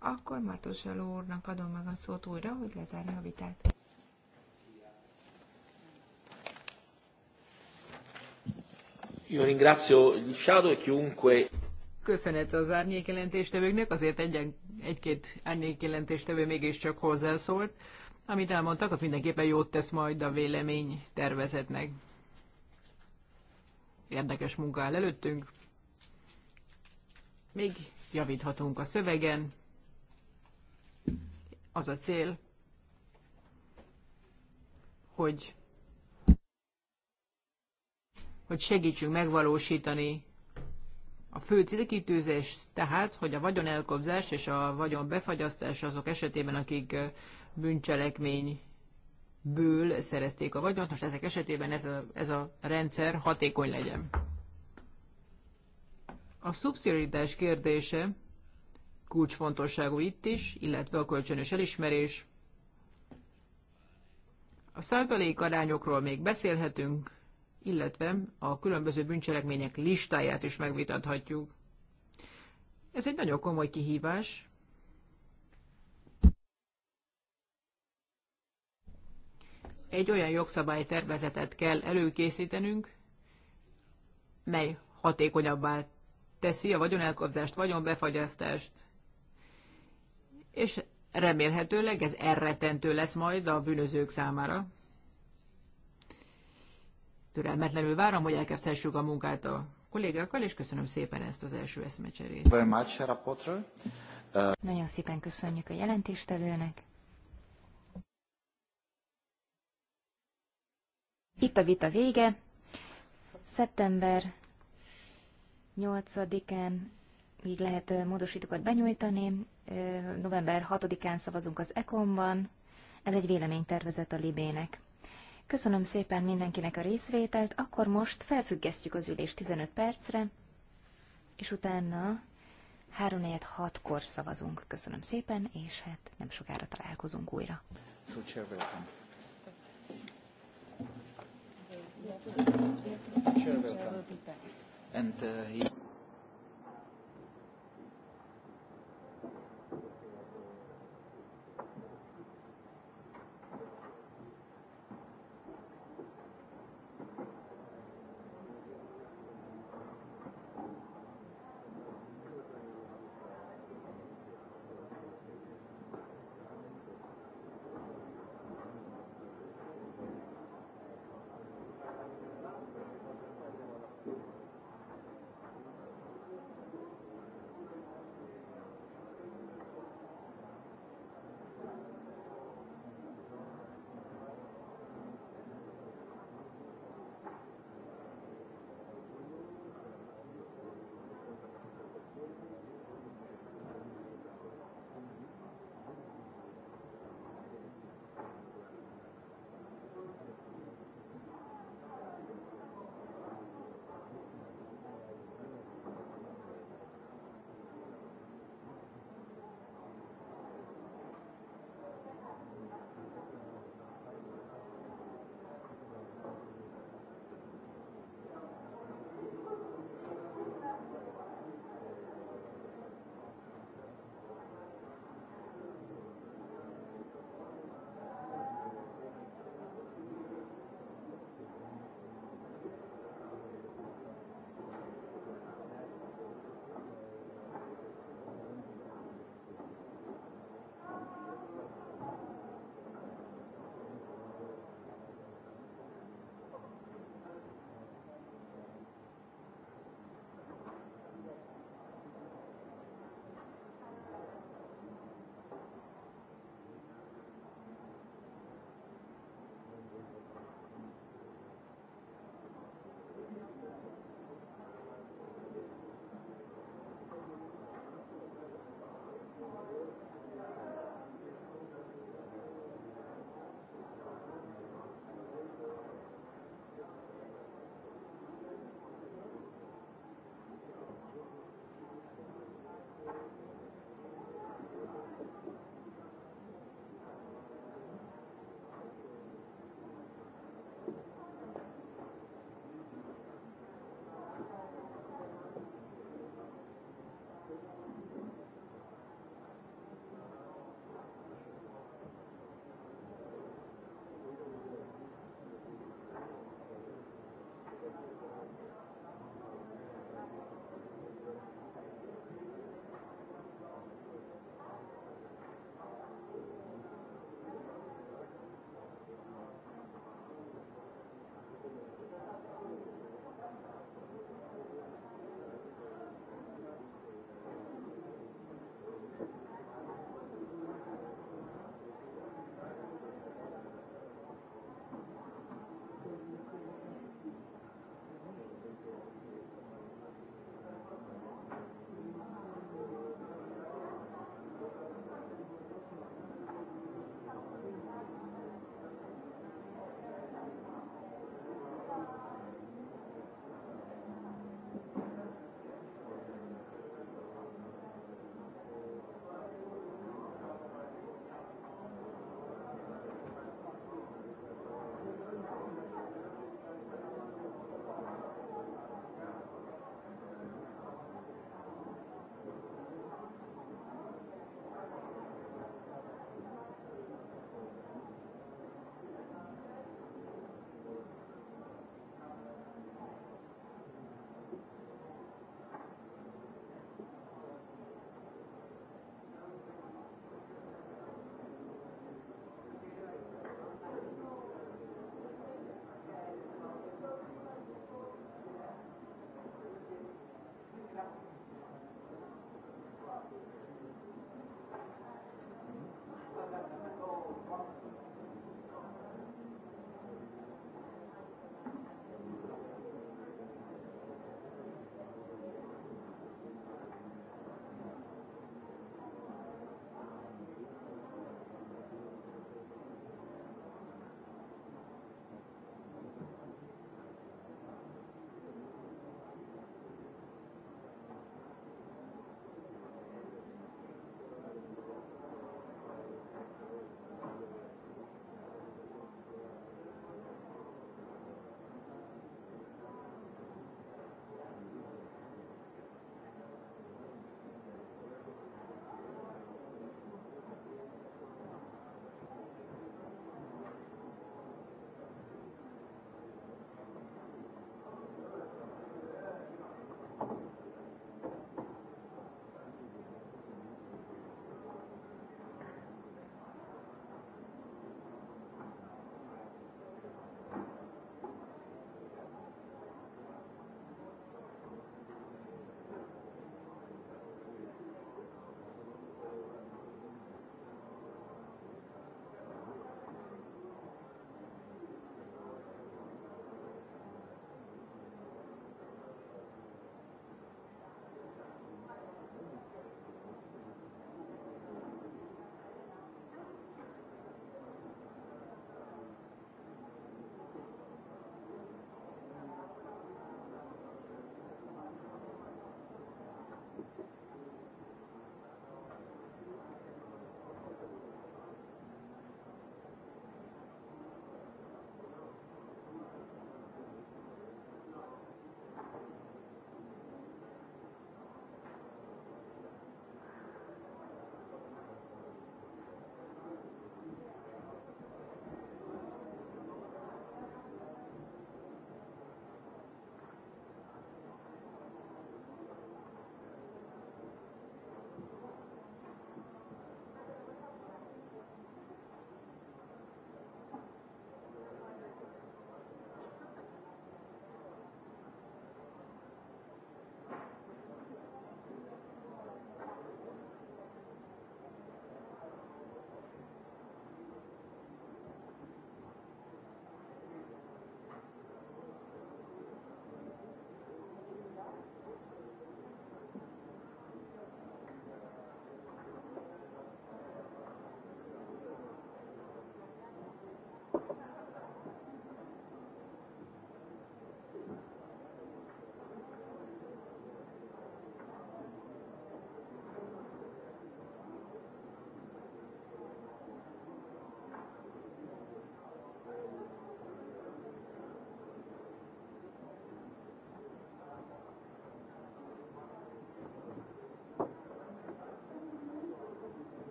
Akkor Mártos úrnak adom meg a szót újra, hogy lezárja a vitát. Io ringrazio il Shadow e chiunque. Köszönet az árnyékjelentéstevőknek, azért egy- egy-két árnyékjelentéstevő mégiscsak hozzászólt. Amit elmondtak, az mindenképpen jót tesz majd a vélemény tervezetnek. Érdekes munka áll előttünk. Még javíthatunk a szövegen, az a cél, hogy, hogy segítsünk megvalósítani a fő célkitűzés tehát, hogy a vagyonelkobzás és a vagyon befagyasztás azok esetében, akik bűncselekmény ből szerezték a vagyont, most ezek esetében ez a, ez a rendszer hatékony legyen. A szubszidiaritás kérdése kulcsfontosságú itt is, illetve a kölcsönös elismerés. A százalék arányokról még beszélhetünk, illetve a különböző bűncselekmények listáját is megvitathatjuk. Ez egy nagyon komoly kihívás. Egy olyan jogszabálytervezetet kell előkészítenünk, mely hatékonyabbá teszi a vagyonelkobzást, vagyonbefagyasztást, és remélhetőleg ez erretentő lesz majd a bűnözők számára. Türelmetlenül várom, hogy elkezdhessük a munkát a kollégákkal, és köszönöm szépen ezt az első eszmecserét. Very much, Rapporteur. Uh... Nagyon szépen köszönjük a jelentéstevőnek. Itt a vita vége. Szeptember 8-án még lehet uh, módosítókat benyújtani, november 6-án szavazunk az ECOM-ban. Ez egy véleménytervezet a Libének. Köszönöm szépen mindenkinek a részvételt, akkor most felfüggesztjük az ülést 15 percre, és utána 3 4 6 kor szavazunk. Köszönöm szépen, és hát nem sokára találkozunk újra. So, And, uh, he...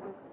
Köszönöm.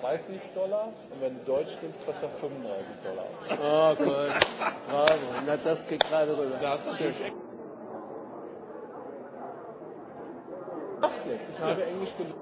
30 Dollar und wenn du Deutsch nimmst, kostet er 35 Dollar. Oh Gott, bravo. Na, das geht gerade rüber. Das ist schön. natürlich jetzt? Ich habe Englisch gelernt.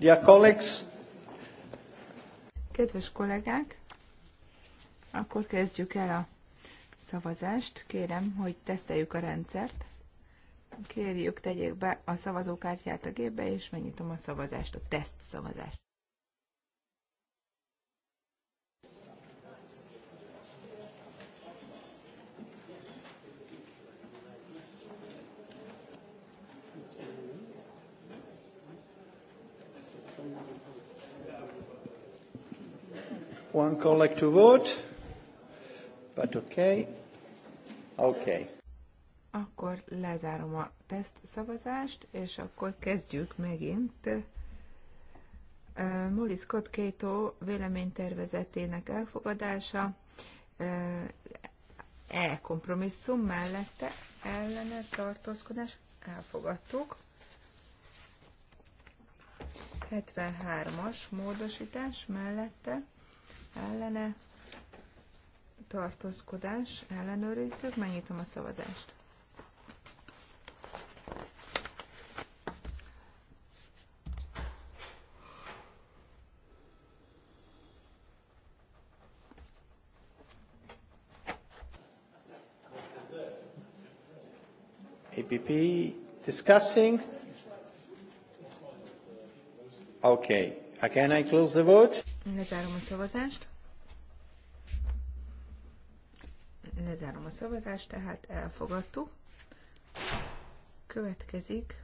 Dear colleagues. Kedves kollégák, akkor kezdjük el a szavazást. Kérem, hogy teszteljük a rendszert. Kérjük, tegyék be a szavazókártyát a gépbe, és megnyitom a szavazást, a teszt szavazást. one collect to vote, but okay. Okay. Akkor lezárom a teszt szavazást, és akkor kezdjük megint. Molly Scott Cato véleménytervezetének elfogadása, E kompromisszum mellette ellene tartózkodás elfogadtuk. 73-as módosítás mellette ellene tartózkodás, ellenőrizzük, megnyitom a szavazást. APP discussing. Okay, can I close the vote? Lezárom a szavazást. Lezárom a szavazást, tehát elfogadtuk. Következik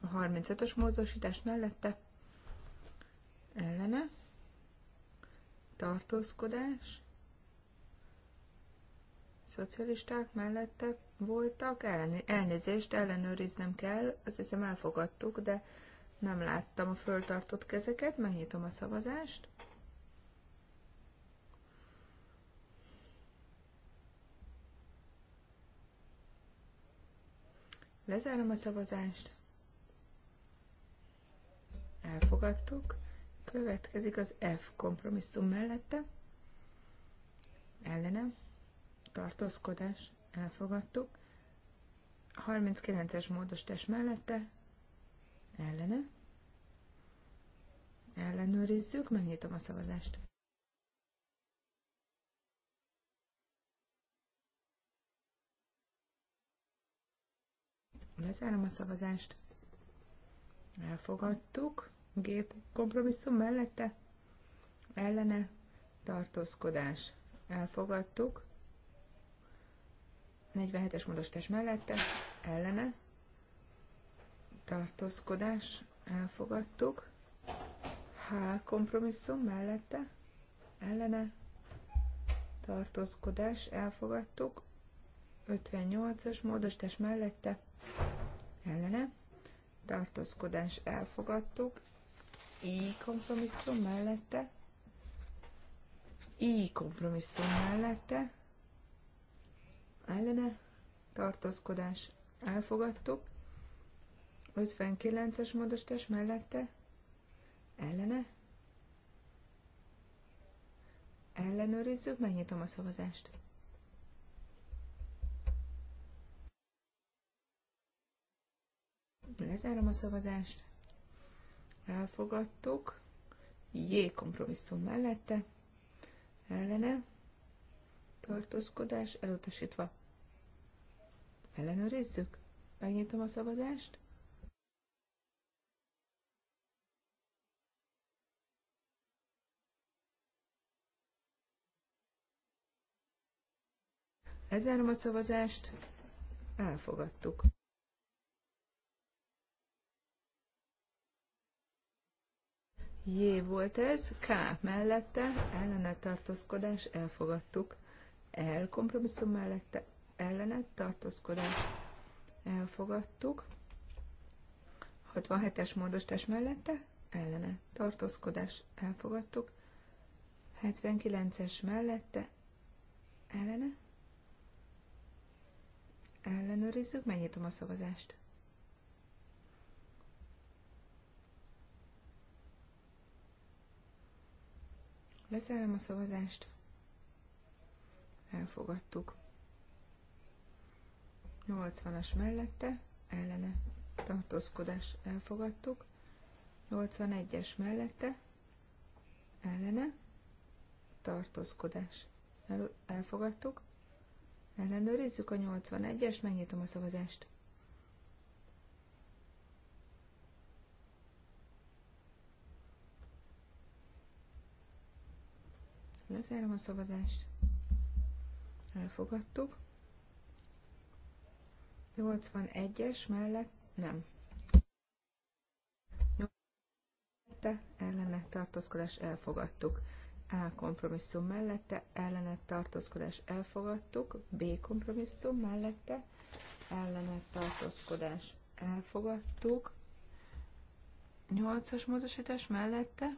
a 35-ös módosítás mellette ellene tartózkodás szocialisták mellette voltak, elnézést ellenőriznem kell, azt hiszem elfogadtuk, de nem láttam a föltartott kezeket, megnyitom a szavazást. Lezárom a szavazást. Elfogadtuk. Következik az F kompromisszum mellette. Ellenem. Tartózkodás. Elfogadtuk. 39-es módosítás mellette ellene. Ellenőrizzük, megnyitom a szavazást. Lezárom a szavazást. Elfogadtuk. Gép kompromisszum mellette. Ellene tartózkodás. Elfogadtuk. 47-es módosítás mellette. Ellene tartózkodás, elfogadtuk. H kompromisszum mellette, ellene, tartózkodás, elfogadtuk. 58-as módosítás mellette, ellene, tartózkodás, elfogadtuk. I kompromisszum mellette, I kompromisszum mellette, ellene, tartózkodás, elfogadtuk. 59-es módosítás mellette, ellene, ellenőrizzük, megnyitom a szavazást. Lezárom a szavazást. Elfogadtuk. J kompromisszum mellette. Ellene. Tartózkodás elutasítva. Ellenőrizzük. Megnyitom a szavazást. Lezárom a szavazást. Elfogadtuk. J volt ez, K mellette, ellene tartózkodás, elfogadtuk. L kompromisszum mellette, ellene tartózkodás, elfogadtuk. 67-es módosítás mellette, ellene tartózkodás, elfogadtuk. 79-es mellette, ellene ellenőrizzük, megnyitom a szavazást. Lezárom a szavazást. Elfogadtuk. 80-as mellette, ellene tartózkodás elfogadtuk. 81-es mellette, ellene tartózkodás elfogadtuk. Ellenőrizzük a 81-est, megnyitom a szavazást. Lezárom a szavazást. Elfogadtuk. 81-es mellett nem. Te ellene tartózkodás elfogadtuk. A kompromisszum mellette ellene tartózkodás elfogadtuk, B kompromisszum mellette ellene tartózkodás elfogadtuk, 8-as módosítás mellette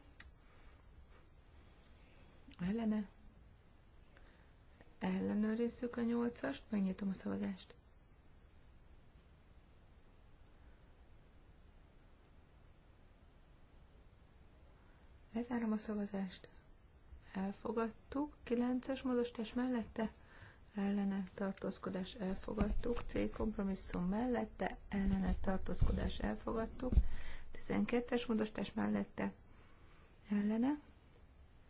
ellene ellenőrizzük a 8-ast, megnyitom a szavazást. Lezárom a szavazást elfogadtuk, 9-es módosítás mellette ellene tartózkodás elfogadtuk, C kompromisszum mellette ellene tartózkodás elfogadtuk, 12-es módosítás mellette ellene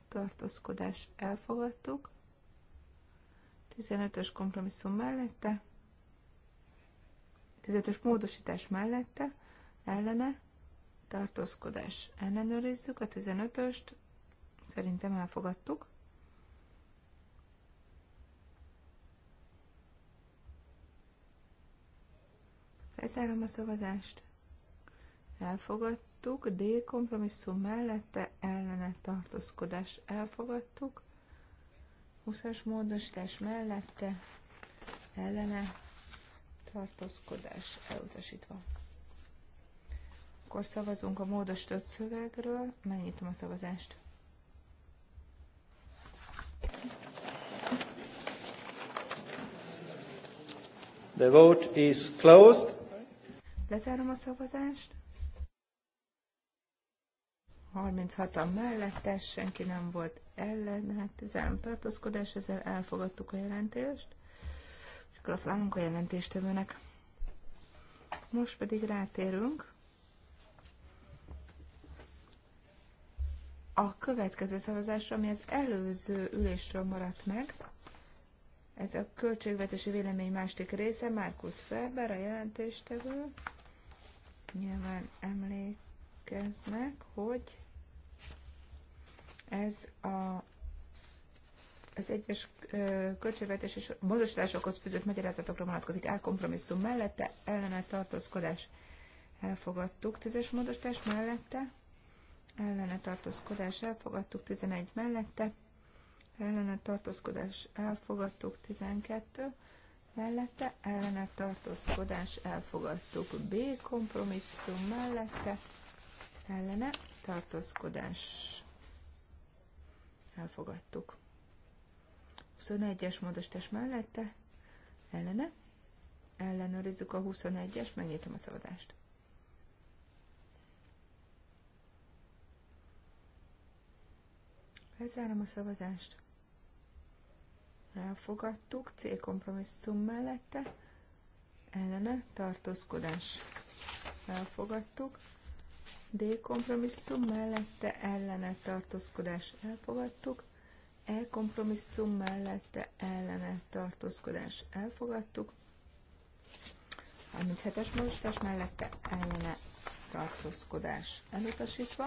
tartózkodás elfogadtuk, 15-ös kompromisszum mellette, 15-ös módosítás mellette ellene tartózkodás ellenőrizzük a 15-öst, Szerintem elfogadtuk. Lezárom a szavazást. Elfogadtuk. D kompromisszum mellette ellene tartózkodás. Elfogadtuk. 20-as módosítás mellette ellene tartózkodás elutasítva. Akkor szavazunk a módosított szövegről. Megnyitom a szavazást. The vote is closed. Lezárom a szavazást. 36-an mellettes, senki nem volt ellen, hát zárom tartózkodás, ezzel elfogadtuk a jelentést. Gratulálunk a jelentéstevőnek. Most pedig rátérünk a következő szavazásra, ami az előző ülésről maradt meg. Ez a költségvetési vélemény másik része, Márkusz Ferber, a jelentéstevő. Nyilván emlékeznek, hogy ez a az egyes költségvetés és módosításokhoz fűzött magyarázatokra vonatkozik kompromisszum mellette, ellene tartózkodás elfogadtuk, tízes módosítás mellette, ellene tartózkodás elfogadtuk 11 mellette, ellene tartózkodás elfogadtuk 12 mellette, ellene tartózkodás elfogadtuk B kompromisszum mellette, ellene tartózkodás elfogadtuk. 21-es módosítás mellette, ellene, ellenőrizzük a 21-es, megnyitom a szavazást. Lezárom a szavazást. Elfogadtuk. célkompromisszum mellette. Ellene tartózkodás. Elfogadtuk. D kompromisszum mellette ellene tartózkodás. Elfogadtuk. E kompromisszum mellette ellene tartózkodás. Elfogadtuk. 37-es módosítás mellette ellene tartózkodás elutasítva.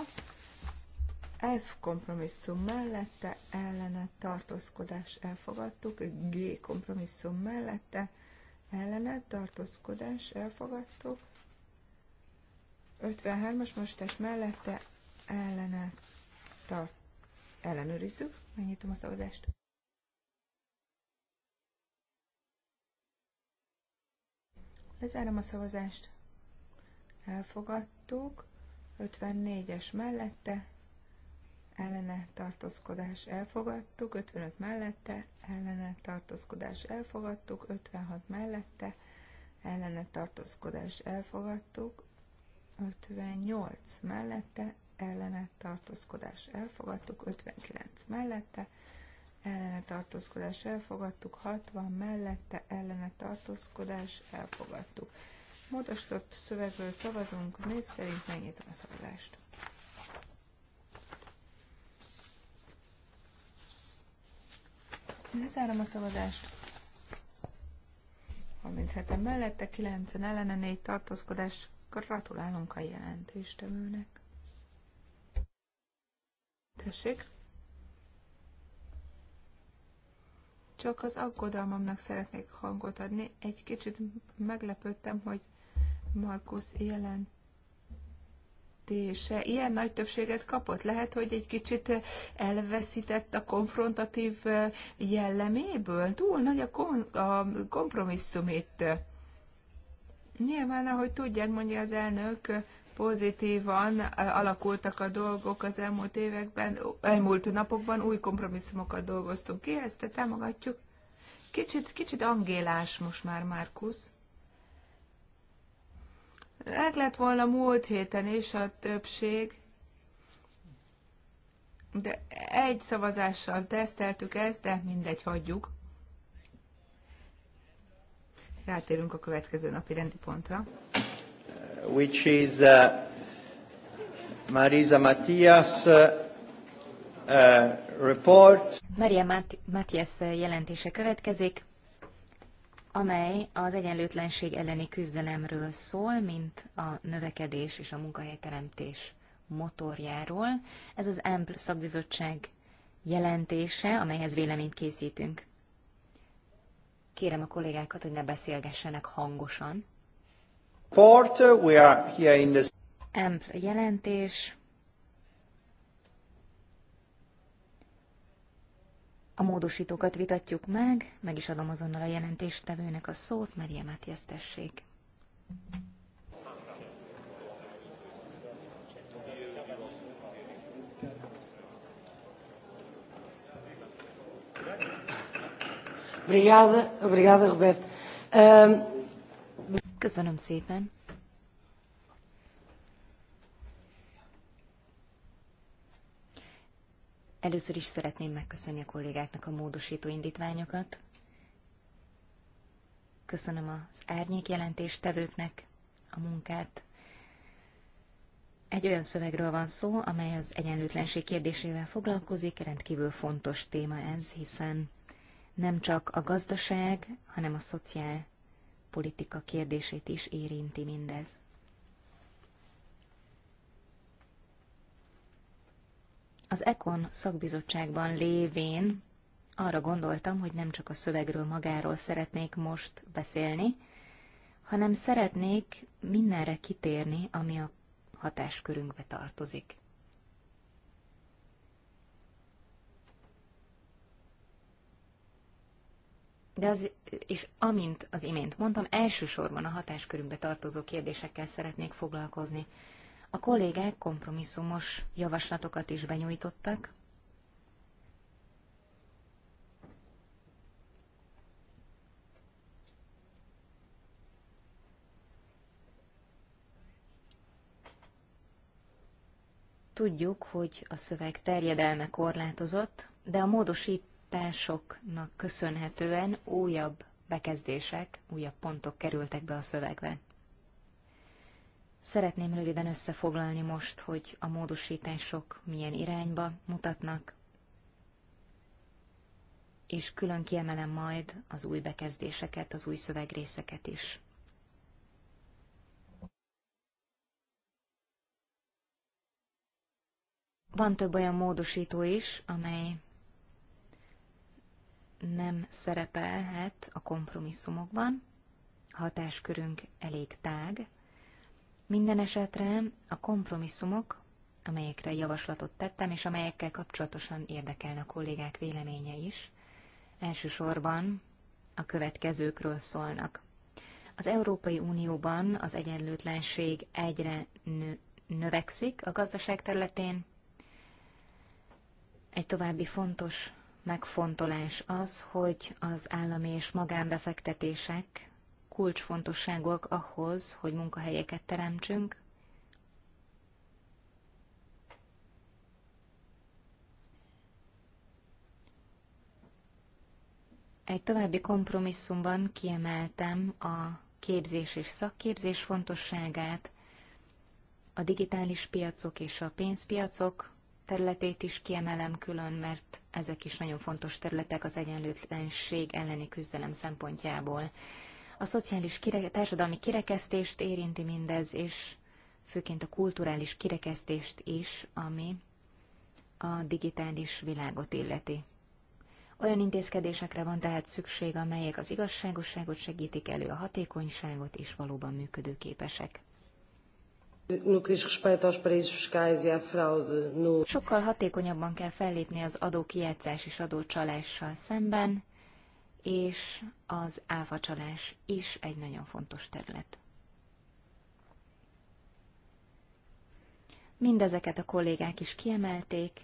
F kompromisszum mellette ellene tartózkodás elfogadtuk, G kompromisszum mellette ellene tartózkodás elfogadtuk, 53-as mostás mellette ellene tart, ellenőrizzük, megnyitom a szavazást. Lezárom a szavazást. Elfogadtuk. 54-es mellette ellene tartózkodás elfogadtuk, 55 mellette, ellene tartózkodás elfogadtuk, 56 mellette, ellene tartózkodás elfogadtuk, 58 mellette, ellene tartózkodás elfogadtuk, 59 mellette, ellene tartózkodás elfogadtuk, 60 mellette, ellene tartózkodás elfogadtuk. Módosított szövegről szavazunk, név szerint megnyitom a szavazást. Lezárom a szavazást. 37-en mellette, 9-en ellene, 4 tartózkodás. Gratulálunk a jelentéstevőnek. Tessék? Csak az aggodalmamnak szeretnék hangot adni. Egy kicsit meglepődtem, hogy Markus jelent jelentése ilyen nagy többséget kapott. Lehet, hogy egy kicsit elveszített a konfrontatív jelleméből. Túl nagy a, kon- a kompromisszum itt. Nyilván, ahogy tudják, mondja az elnök, pozitívan alakultak a dolgok az elmúlt években, elmúlt napokban új kompromisszumokat dolgoztunk ki, ezt te támogatjuk. Kicsit, kicsit angélás most már, Márkusz. Meg lett volna múlt héten is a többség, de egy szavazással teszteltük ezt, de mindegy, hagyjuk. Rátérünk a következő napi rendi pontra. Uh, which is uh, Marisa Matias uh, uh report. Maria Mat Matias jelentése következik amely az egyenlőtlenség elleni küzdelemről szól, mint a növekedés és a munkahelyteremtés motorjáról. Ez az EMPL szakbizottság jelentése, amelyhez véleményt készítünk. Kérem a kollégákat, hogy ne beszélgessenek hangosan. Port, we are here in this... EMPL jelentés, A módosítókat vitatjuk meg, meg is adom azonnal a jelentéstevőnek a szót, Maria Mátiasz tessék. Obrigada, obrigada Roberto. Köszönöm szépen. Először is szeretném megköszönni a kollégáknak a módosító indítványokat. Köszönöm az árnyék jelentéstevőknek a munkát. Egy olyan szövegről van szó, amely az egyenlőtlenség kérdésével foglalkozik, rendkívül fontos téma ez, hiszen nem csak a gazdaság, hanem a szociál politika kérdését is érinti mindez. Az ECON szakbizottságban lévén arra gondoltam, hogy nem csak a szövegről magáról szeretnék most beszélni, hanem szeretnék mindenre kitérni, ami a hatáskörünkbe tartozik. De az, és amint az imént mondtam, elsősorban a hatáskörünkbe tartozó kérdésekkel szeretnék foglalkozni. A kollégák kompromisszumos javaslatokat is benyújtottak. Tudjuk, hogy a szöveg terjedelme korlátozott, de a módosításoknak köszönhetően újabb bekezdések, újabb pontok kerültek be a szövegbe. Szeretném röviden összefoglalni most, hogy a módosítások milyen irányba mutatnak, és külön kiemelem majd az új bekezdéseket, az új szövegrészeket is. Van több olyan módosító is, amely nem szerepelhet a kompromisszumokban, hatáskörünk elég tág, minden esetre a kompromisszumok, amelyekre javaslatot tettem, és amelyekkel kapcsolatosan érdekelne a kollégák véleménye is, elsősorban a következőkről szólnak. Az Európai Unióban az egyenlőtlenség egyre nő, növekszik a gazdaság területén. Egy további fontos megfontolás az, hogy az állami és magánbefektetések kulcsfontosságúak ahhoz, hogy munkahelyeket teremtsünk. Egy további kompromisszumban kiemeltem a képzés és szakképzés fontosságát, a digitális piacok és a pénzpiacok területét is kiemelem külön, mert ezek is nagyon fontos területek az egyenlőtlenség elleni küzdelem szempontjából. A szociális kire- társadalmi kirekesztést érinti mindez, és főként a kulturális kirekesztést is, ami a digitális világot illeti. Olyan intézkedésekre van tehát szükség, amelyek az igazságosságot segítik elő, a hatékonyságot és valóban működőképesek. E Sokkal hatékonyabban kell fellépni az adókijátszás és adócsalással szemben, és az áfacsalás is egy nagyon fontos terület. Mindezeket a kollégák is kiemelték,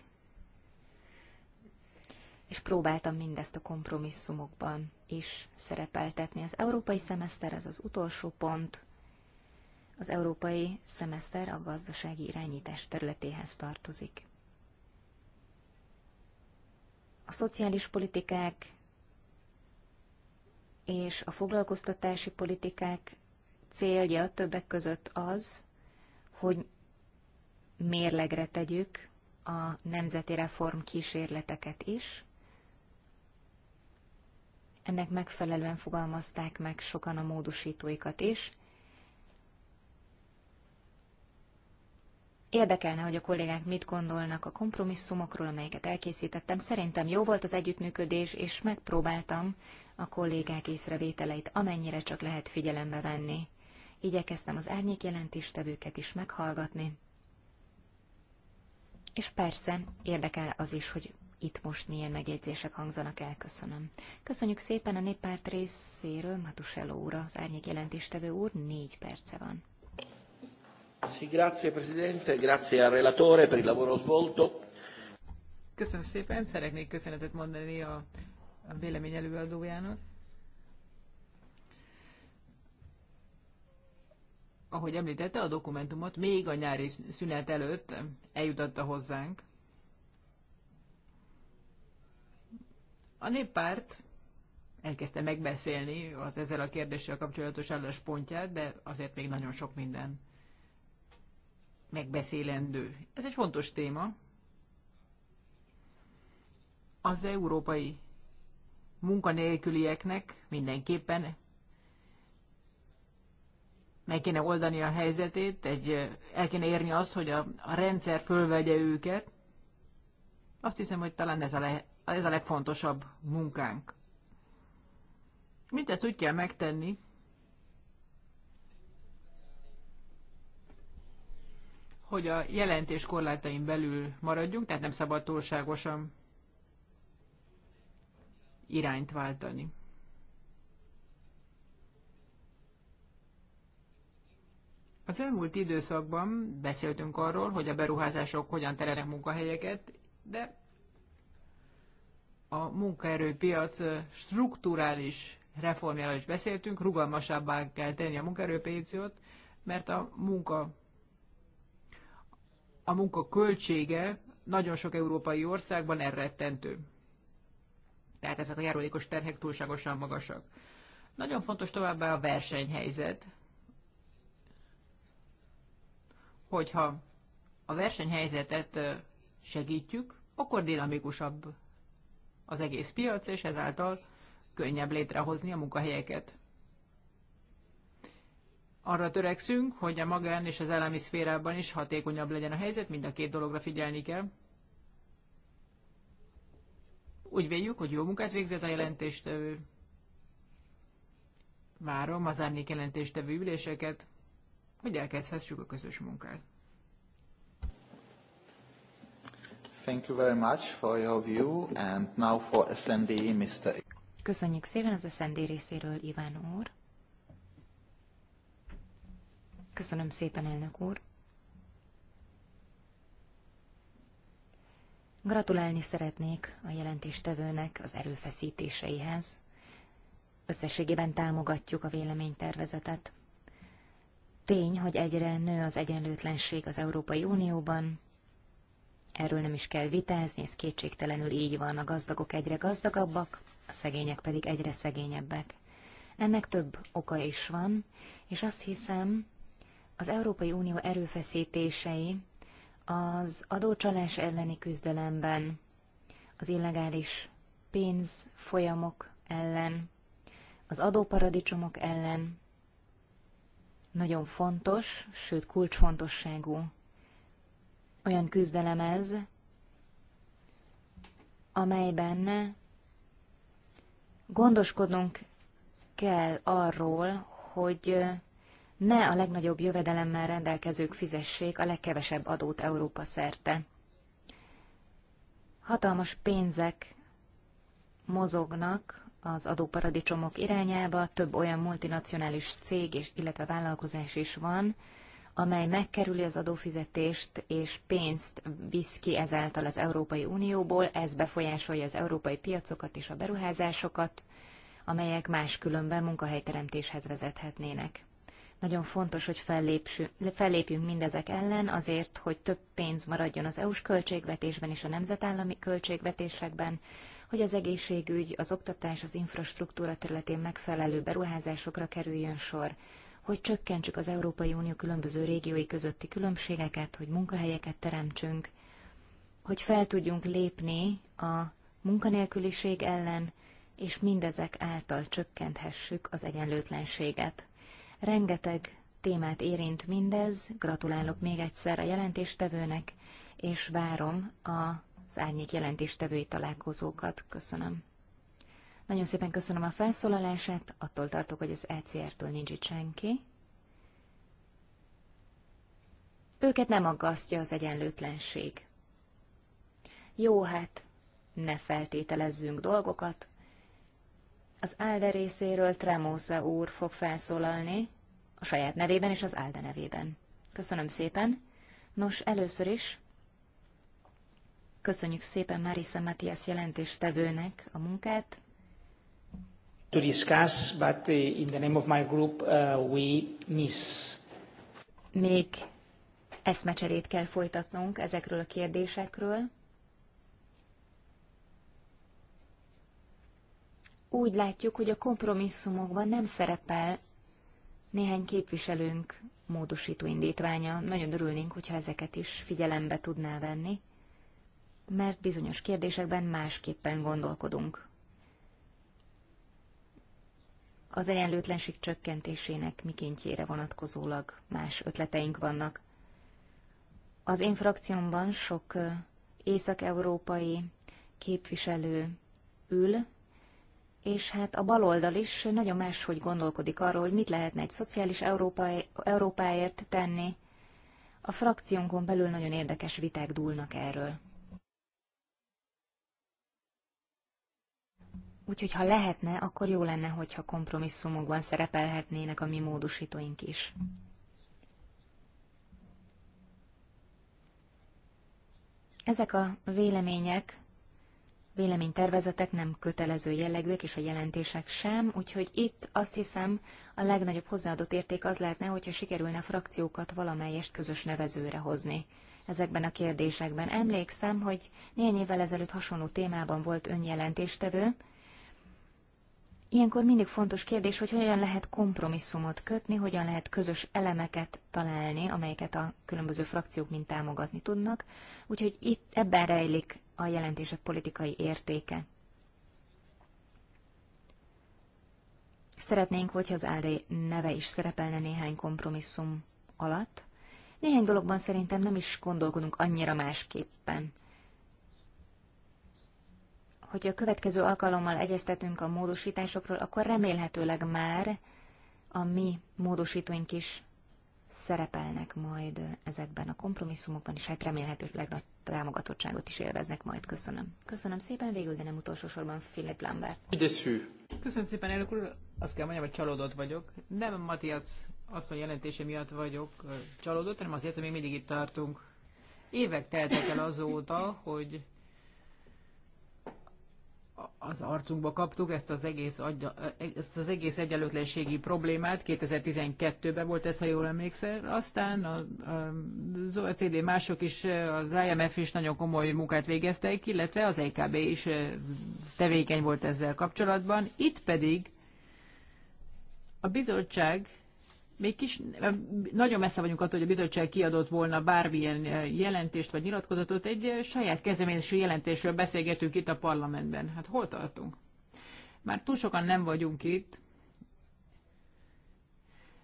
és próbáltam mindezt a kompromisszumokban is szerepeltetni. Az európai szemeszter, ez az utolsó pont, az európai szemeszter a gazdasági irányítás területéhez tartozik. A szociális politikák és a foglalkoztatási politikák célja többek között az, hogy mérlegre tegyük a nemzeti reform kísérleteket is. Ennek megfelelően fogalmazták meg sokan a módosítóikat is. Érdekelne, hogy a kollégák mit gondolnak a kompromisszumokról, amelyeket elkészítettem. Szerintem jó volt az együttműködés, és megpróbáltam a kollégák észrevételeit amennyire csak lehet figyelembe venni. Igyekeztem az árnyék jelentéstevőket is meghallgatni. És persze érdekel az is, hogy itt most milyen megjegyzések hangzanak el. Köszönöm. Köszönjük szépen a néppárt részéről, Matusello úr, az árnyék jelentéstevő úr, négy perce van. Sì, grazie Presidente, grazie al relatore per il lavoro svolto. Köszönöm szépen, szeretnék köszönetet mondani a, a vélemény előadójának. Ahogy említette, a dokumentumot még a nyári szünet előtt eljutatta hozzánk. A néppárt elkezdte megbeszélni az ezzel a kérdéssel kapcsolatos álláspontját, de azért még nagyon sok minden megbeszélendő. Ez egy fontos téma. Az európai munkanélkülieknek mindenképpen meg kéne oldani a helyzetét, egy, el kéne érni azt, hogy a, a rendszer fölvegye őket. Azt hiszem, hogy talán ez a, le, ez a legfontosabb munkánk. ezt úgy kell megtenni, hogy a jelentés korlátain belül maradjunk, tehát nem szabad túlságosan irányt váltani. Az elmúlt időszakban beszéltünk arról, hogy a beruházások hogyan terelnek munkahelyeket, de a munkaerőpiac strukturális reformjáról is beszéltünk, rugalmasabbá kell tenni a munkaerőpiacot, mert a munka a munka költsége nagyon sok európai országban elrettentő. Tehát ezek a járulékos terhek túlságosan magasak. Nagyon fontos továbbá a versenyhelyzet. Hogyha a versenyhelyzetet segítjük, akkor dinamikusabb az egész piac, és ezáltal könnyebb létrehozni a munkahelyeket arra törekszünk, hogy a magán és az elemi szférában is hatékonyabb legyen a helyzet, mind a két dologra figyelni kell. Úgy véljük, hogy jó munkát végzett a jelentéstevő. Várom az árnyék jelentéstevő üléseket, hogy elkezdhessük a közös munkát. Thank you very much for your view, and now for SND, Mr. Köszönjük szépen az SND részéről, Iván úr. Köszönöm szépen, elnök úr. Gratulálni szeretnék a jelentéstevőnek az erőfeszítéseihez. Összességében támogatjuk a véleménytervezetet. Tény, hogy egyre nő az egyenlőtlenség az Európai Unióban, Erről nem is kell vitázni, ez kétségtelenül így van, a gazdagok egyre gazdagabbak, a szegények pedig egyre szegényebbek. Ennek több oka is van, és azt hiszem, az Európai Unió erőfeszítései az adócsalás elleni küzdelemben, az illegális pénzfolyamok ellen, az adóparadicsomok ellen nagyon fontos, sőt kulcsfontosságú olyan küzdelem ez, amelyben gondoskodnunk kell arról, hogy ne a legnagyobb jövedelemmel rendelkezők fizessék a legkevesebb adót Európa szerte. Hatalmas pénzek mozognak az adóparadicsomok irányába, több olyan multinacionális cég, és, illetve vállalkozás is van, amely megkerüli az adófizetést és pénzt visz ki ezáltal az Európai Unióból, ez befolyásolja az európai piacokat és a beruházásokat, amelyek máskülönben munkahelyteremtéshez vezethetnének. Nagyon fontos, hogy fellépjünk mindezek ellen azért, hogy több pénz maradjon az EU-s költségvetésben és a nemzetállami költségvetésekben, hogy az egészségügy, az oktatás, az infrastruktúra területén megfelelő beruházásokra kerüljön sor, hogy csökkentsük az Európai Unió különböző régiói közötti különbségeket, hogy munkahelyeket teremtsünk, hogy fel tudjunk lépni a munkanélküliség ellen, és mindezek által csökkenthessük az egyenlőtlenséget. Rengeteg témát érint mindez, gratulálok még egyszer a jelentéstevőnek, és várom az árnyék jelentéstevői találkozókat. Köszönöm. Nagyon szépen köszönöm a felszólalását, attól tartok, hogy az ECR-től nincs itt senki. Őket nem aggasztja az egyenlőtlenség. Jó, hát ne feltételezzünk dolgokat, az Álde részéről Tremóza úr fog felszólalni, a saját nevében és az Álde nevében. Köszönöm szépen. Nos, először is köszönjük szépen Marisa Matias jelentéstevőnek a munkát. To discuss, but eh, in the name of my group uh, we miss. Még eszmecserét kell folytatnunk ezekről a kérdésekről. úgy látjuk, hogy a kompromisszumokban nem szerepel néhány képviselőnk módosító indítványa. Nagyon örülnénk, hogyha ezeket is figyelembe tudná venni, mert bizonyos kérdésekben másképpen gondolkodunk. Az egyenlőtlenség csökkentésének mikéntjére vonatkozólag más ötleteink vannak. Az én frakciómban sok észak-európai képviselő ül, és hát a baloldal is nagyon máshogy gondolkodik arról, hogy mit lehetne egy szociális európai Európáért tenni. A frakciónkon belül nagyon érdekes viták dúlnak erről. Úgyhogy ha lehetne, akkor jó lenne, hogyha kompromisszumokban szerepelhetnének a mi módosítóink is. Ezek a vélemények véleménytervezetek nem kötelező jellegűek, és a jelentések sem, úgyhogy itt azt hiszem a legnagyobb hozzáadott érték az lehetne, hogyha sikerülne frakciókat valamelyest közös nevezőre hozni ezekben a kérdésekben. Emlékszem, hogy néhány évvel ezelőtt hasonló témában volt önjelentéstevő. Ilyenkor mindig fontos kérdés, hogy hogyan lehet kompromisszumot kötni, hogyan lehet közös elemeket találni, amelyeket a különböző frakciók mind támogatni tudnak. Úgyhogy itt ebben rejlik a jelentések politikai értéke. Szeretnénk, hogyha az áldai neve is szerepelne néhány kompromisszum alatt. Néhány dologban szerintem nem is gondolkodunk annyira másképpen. Hogyha a következő alkalommal egyeztetünk a módosításokról, akkor remélhetőleg már a mi módosítóink is szerepelnek majd ezekben a kompromisszumokban, és hát remélhetőleg nagy támogatottságot is élveznek majd. Köszönöm. Köszönöm szépen, végül, de nem utolsó sorban Philip Lambert. Köszönöm szépen, elnök úr. Azt kell mondjam, hogy csalódott vagyok. Nem Matthias asszony jelentése miatt vagyok csalódott, hanem azért, hogy még mindig itt tartunk. Évek teltek el azóta, hogy az arcunkba kaptuk ezt az egész, agya, ezt az egész egyenlőtlenségi problémát. 2012-ben volt ez, ha jól emlékszel. Aztán a, a, az OECD mások is, az IMF is nagyon komoly munkát végeztek, illetve az EKB is tevékeny volt ezzel kapcsolatban. Itt pedig a bizottság még kis, nagyon messze vagyunk attól, hogy a bizottság kiadott volna bármilyen eh, jelentést vagy nyilatkozatot, egy eh, saját kezdeményezési jelentésről beszélgetünk itt a parlamentben. Hát hol tartunk? Már túl sokan nem vagyunk itt,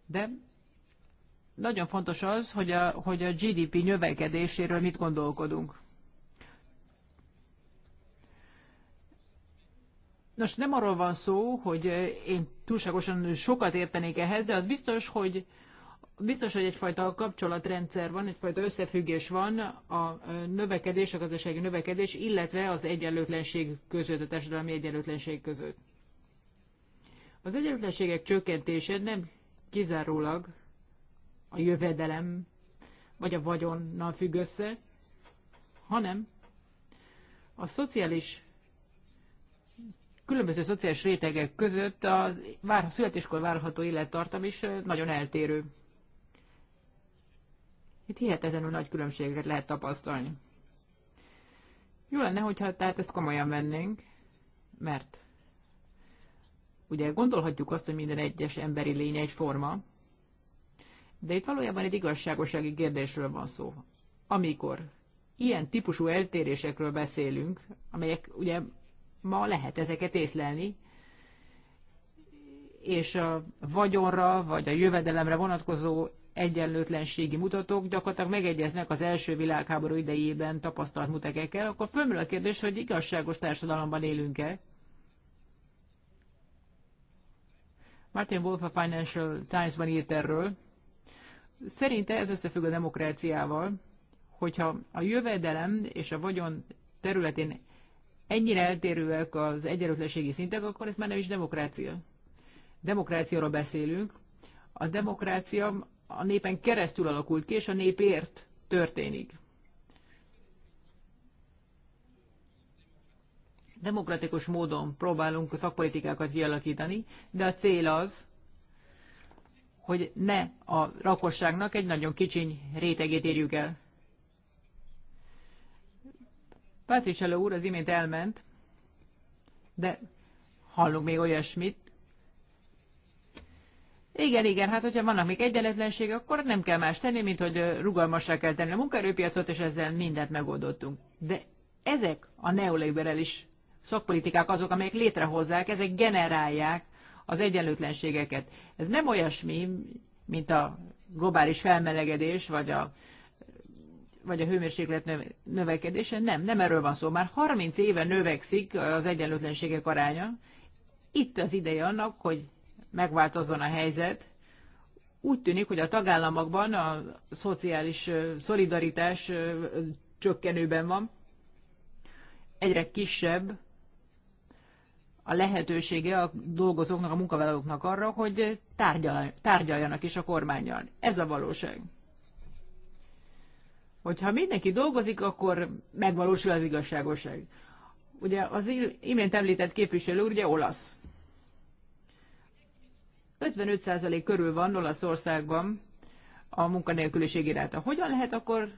de nagyon fontos az, hogy a, hogy a GDP növekedéséről mit gondolkodunk. Nos, nem arról van szó, hogy én túlságosan sokat értenék ehhez, de az biztos, hogy biztos, hogy egyfajta kapcsolatrendszer van, egyfajta összefüggés van a növekedés, a gazdasági növekedés, illetve az egyenlőtlenség között, a társadalmi egyenlőtlenség között. Az egyenlőtlenségek csökkentése nem kizárólag a jövedelem vagy a vagyonnal függ össze, hanem a szociális különböző szociális rétegek között a vár, születéskor várható élettartam is nagyon eltérő. Itt hihetetlenül nagy különbségeket lehet tapasztalni. Jó lenne, hogyha tehát ezt komolyan vennénk, mert ugye gondolhatjuk azt, hogy minden egyes emberi lény egyforma, de itt valójában egy igazságosági kérdésről van szó. Amikor ilyen típusú eltérésekről beszélünk, amelyek ugye ma lehet ezeket észlelni, és a vagyonra vagy a jövedelemre vonatkozó egyenlőtlenségi mutatók gyakorlatilag megegyeznek az első világháború idejében tapasztalt mutekekkel, akkor fölmül a kérdés, hogy igazságos társadalomban élünk-e. Martin Wolf a Financial Times-ban írt erről. Szerinte ez összefügg a demokráciával, hogyha a jövedelem és a vagyon területén ennyire eltérőek az egyenlőtlenségi szintek, akkor ez már nem is demokrácia. Demokráciáról beszélünk. A demokrácia a népen keresztül alakult ki, és a népért történik. Demokratikus módon próbálunk a szakpolitikákat kialakítani, de a cél az, hogy ne a rakosságnak egy nagyon kicsiny rétegét érjük el. Pátriselő úr az imént elment, de hallunk még olyasmit. Igen, igen, hát hogyha vannak még egyenletlenségek, akkor nem kell más tenni, mint hogy rugalmasra kell tenni a munkaerőpiacot, és ezzel mindent megoldottunk. De ezek a neoliberális szakpolitikák azok, amelyek létrehozzák, ezek generálják az egyenlőtlenségeket. Ez nem olyasmi, mint a globális felmelegedés, vagy a vagy a hőmérséklet növekedése. Nem, nem erről van szó. Már 30 éve növekszik az egyenlőtlenségek aránya. Itt az ideje annak, hogy megváltozzon a helyzet. Úgy tűnik, hogy a tagállamokban a szociális szolidaritás csökkenőben van. Egyre kisebb a lehetősége a dolgozóknak, a munkavállalóknak arra, hogy tárgyaljanak is a kormányjal. Ez a valóság hogyha mindenki dolgozik, akkor megvalósul az igazságosság. Ugye az imént említett képviselő úr ugye olasz. 55% körül van Olaszországban a munkanélküliség iráta. Hogyan lehet akkor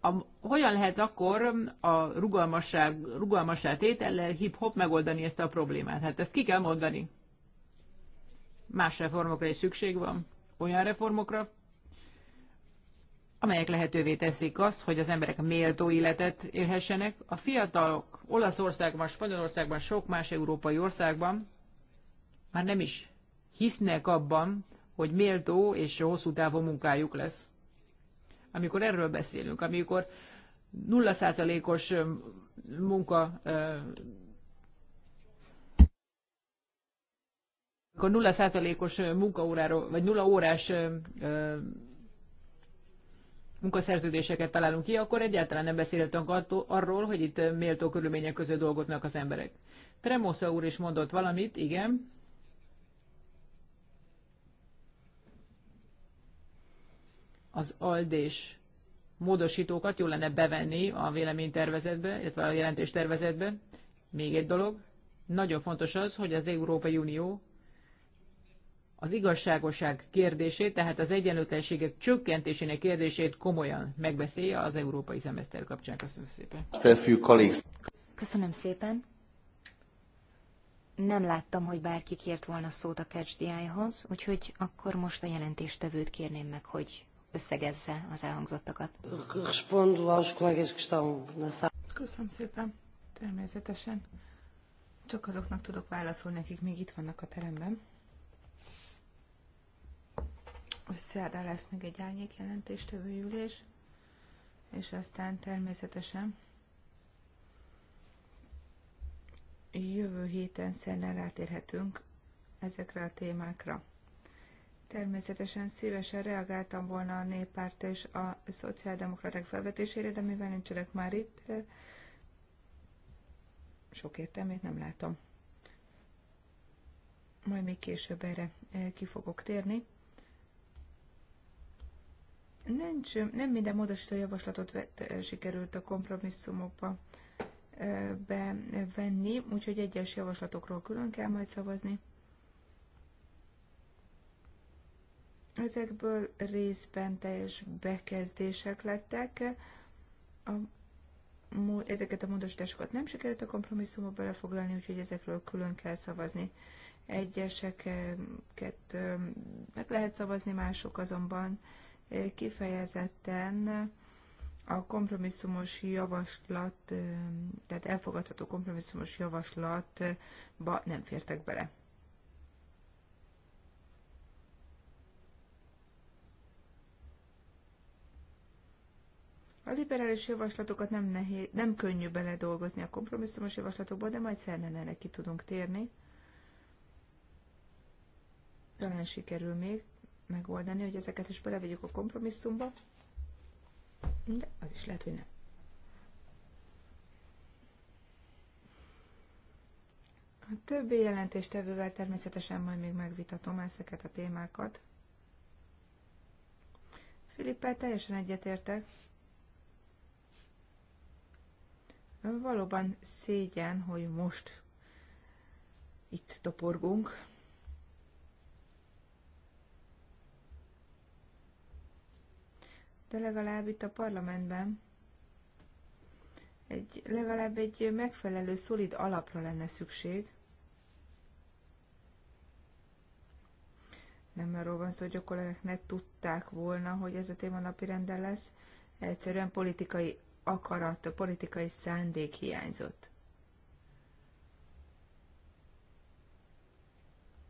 a, hogyan lehet akkor a rugalmasság, rugalmasság tétellel hip-hop megoldani ezt a problémát? Hát ezt ki kell mondani. Más reformokra is szükség van olyan reformokra, amelyek lehetővé teszik azt, hogy az emberek méltó életet élhessenek. A fiatalok Olaszországban, Spanyolországban, sok más európai országban már nem is hisznek abban, hogy méltó és hosszú távú munkájuk lesz. Amikor erről beszélünk, amikor 0%-os munka akkor 0%-os munkaóráról, vagy 0 órás munkaszerződéseket találunk ki, akkor egyáltalán nem beszélhetünk arról, hogy itt méltó körülmények között dolgoznak az emberek. Tremosza úr is mondott valamit, igen. Az aldés módosítókat jó lenne bevenni a véleménytervezetbe, illetve a jelentéstervezetbe. Még egy dolog, nagyon fontos az, hogy az Európai Unió az igazságoság kérdését, tehát az egyenlőtlenségek csökkentésének kérdését komolyan megbeszélje az európai szemeszter kapcsán. Köszönöm szépen. Köszönöm szépen. Nem láttam, hogy bárki kért volna szót a KCDI-hoz, úgyhogy akkor most a jelentéstevőt kérném meg, hogy összegezze az elhangzottakat. Köszönöm szépen. Természetesen. Csak azoknak tudok válaszolni, akik még itt vannak a teremben szerdán lesz még egy árnyék jelentéstevő ülés, és aztán természetesen jövő héten szerdán rátérhetünk ezekre a témákra. Természetesen szívesen reagáltam volna a néppárt és a szociáldemokraták felvetésére, de mivel nincsenek már itt, eh, sok értelmét nem látom. Majd még később erre eh, ki fogok térni. Nincs, nem minden módosító javaslatot vett, eh, sikerült a kompromisszumokba eh, bevenni, úgyhogy egyes javaslatokról külön kell majd szavazni. Ezekből részben teljes bekezdések lettek. A, ezeket a módosításokat nem sikerült a kompromisszumba belefoglalni, úgyhogy ezekről külön kell szavazni. Egyeseket eh, meg lehet szavazni, mások azonban kifejezetten a kompromisszumos javaslat, tehát elfogadható kompromisszumos javaslatba nem fértek bele. A liberális javaslatokat nem, nehéz, nem könnyű beledolgozni a kompromisszumos javaslatokba, de majd szerne erre ki tudunk térni. Talán sikerül még megoldani, hogy ezeket is belevegyük a kompromisszumba, de az is lehet, hogy nem. A többi jelentéstevővel természetesen majd még megvitatom ezeket a témákat. Filippel teljesen egyetértek. Valóban szégyen, hogy most itt toporgunk. de legalább itt a parlamentben egy, legalább egy megfelelő, szolid alapra lenne szükség. Nem arról van szó, hogy a kollégák ne tudták volna, hogy ez a téma napirenden lesz. Egyszerűen politikai akarat, politikai szándék hiányzott.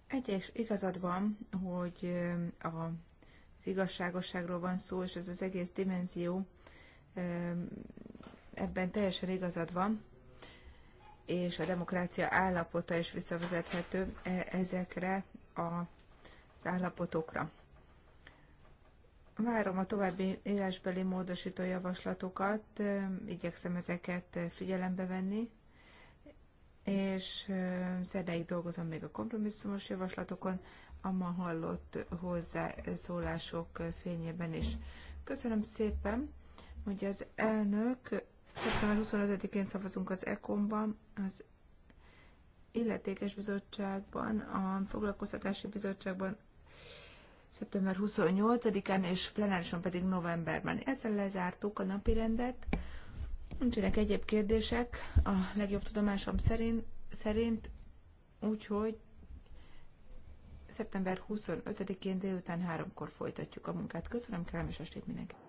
Egyes igazad van, hogy a igazságosságról van szó, és ez az egész dimenzió ebben teljesen igazad van, és a demokrácia állapota is visszavezethető e, ezekre az állapotokra. Várom a további élesbeli módosító javaslatokat, igyekszem ezeket figyelembe venni, és szerdáig dolgozom még a kompromisszumos javaslatokon, a ma hallott hozzászólások fényében is. Köszönöm szépen, hogy az elnök szeptember 25-én szavazunk az ECOM-ban, az illetékes bizottságban, a foglalkoztatási bizottságban szeptember 28-án, és plenárison pedig novemberben. Ezzel lezártuk a napi rendet. Nincsenek egyéb kérdések a legjobb tudomásom szerint, szerint úgyhogy Szeptember 25-én délután háromkor folytatjuk a munkát. Köszönöm, kellemes estét mindenkinek!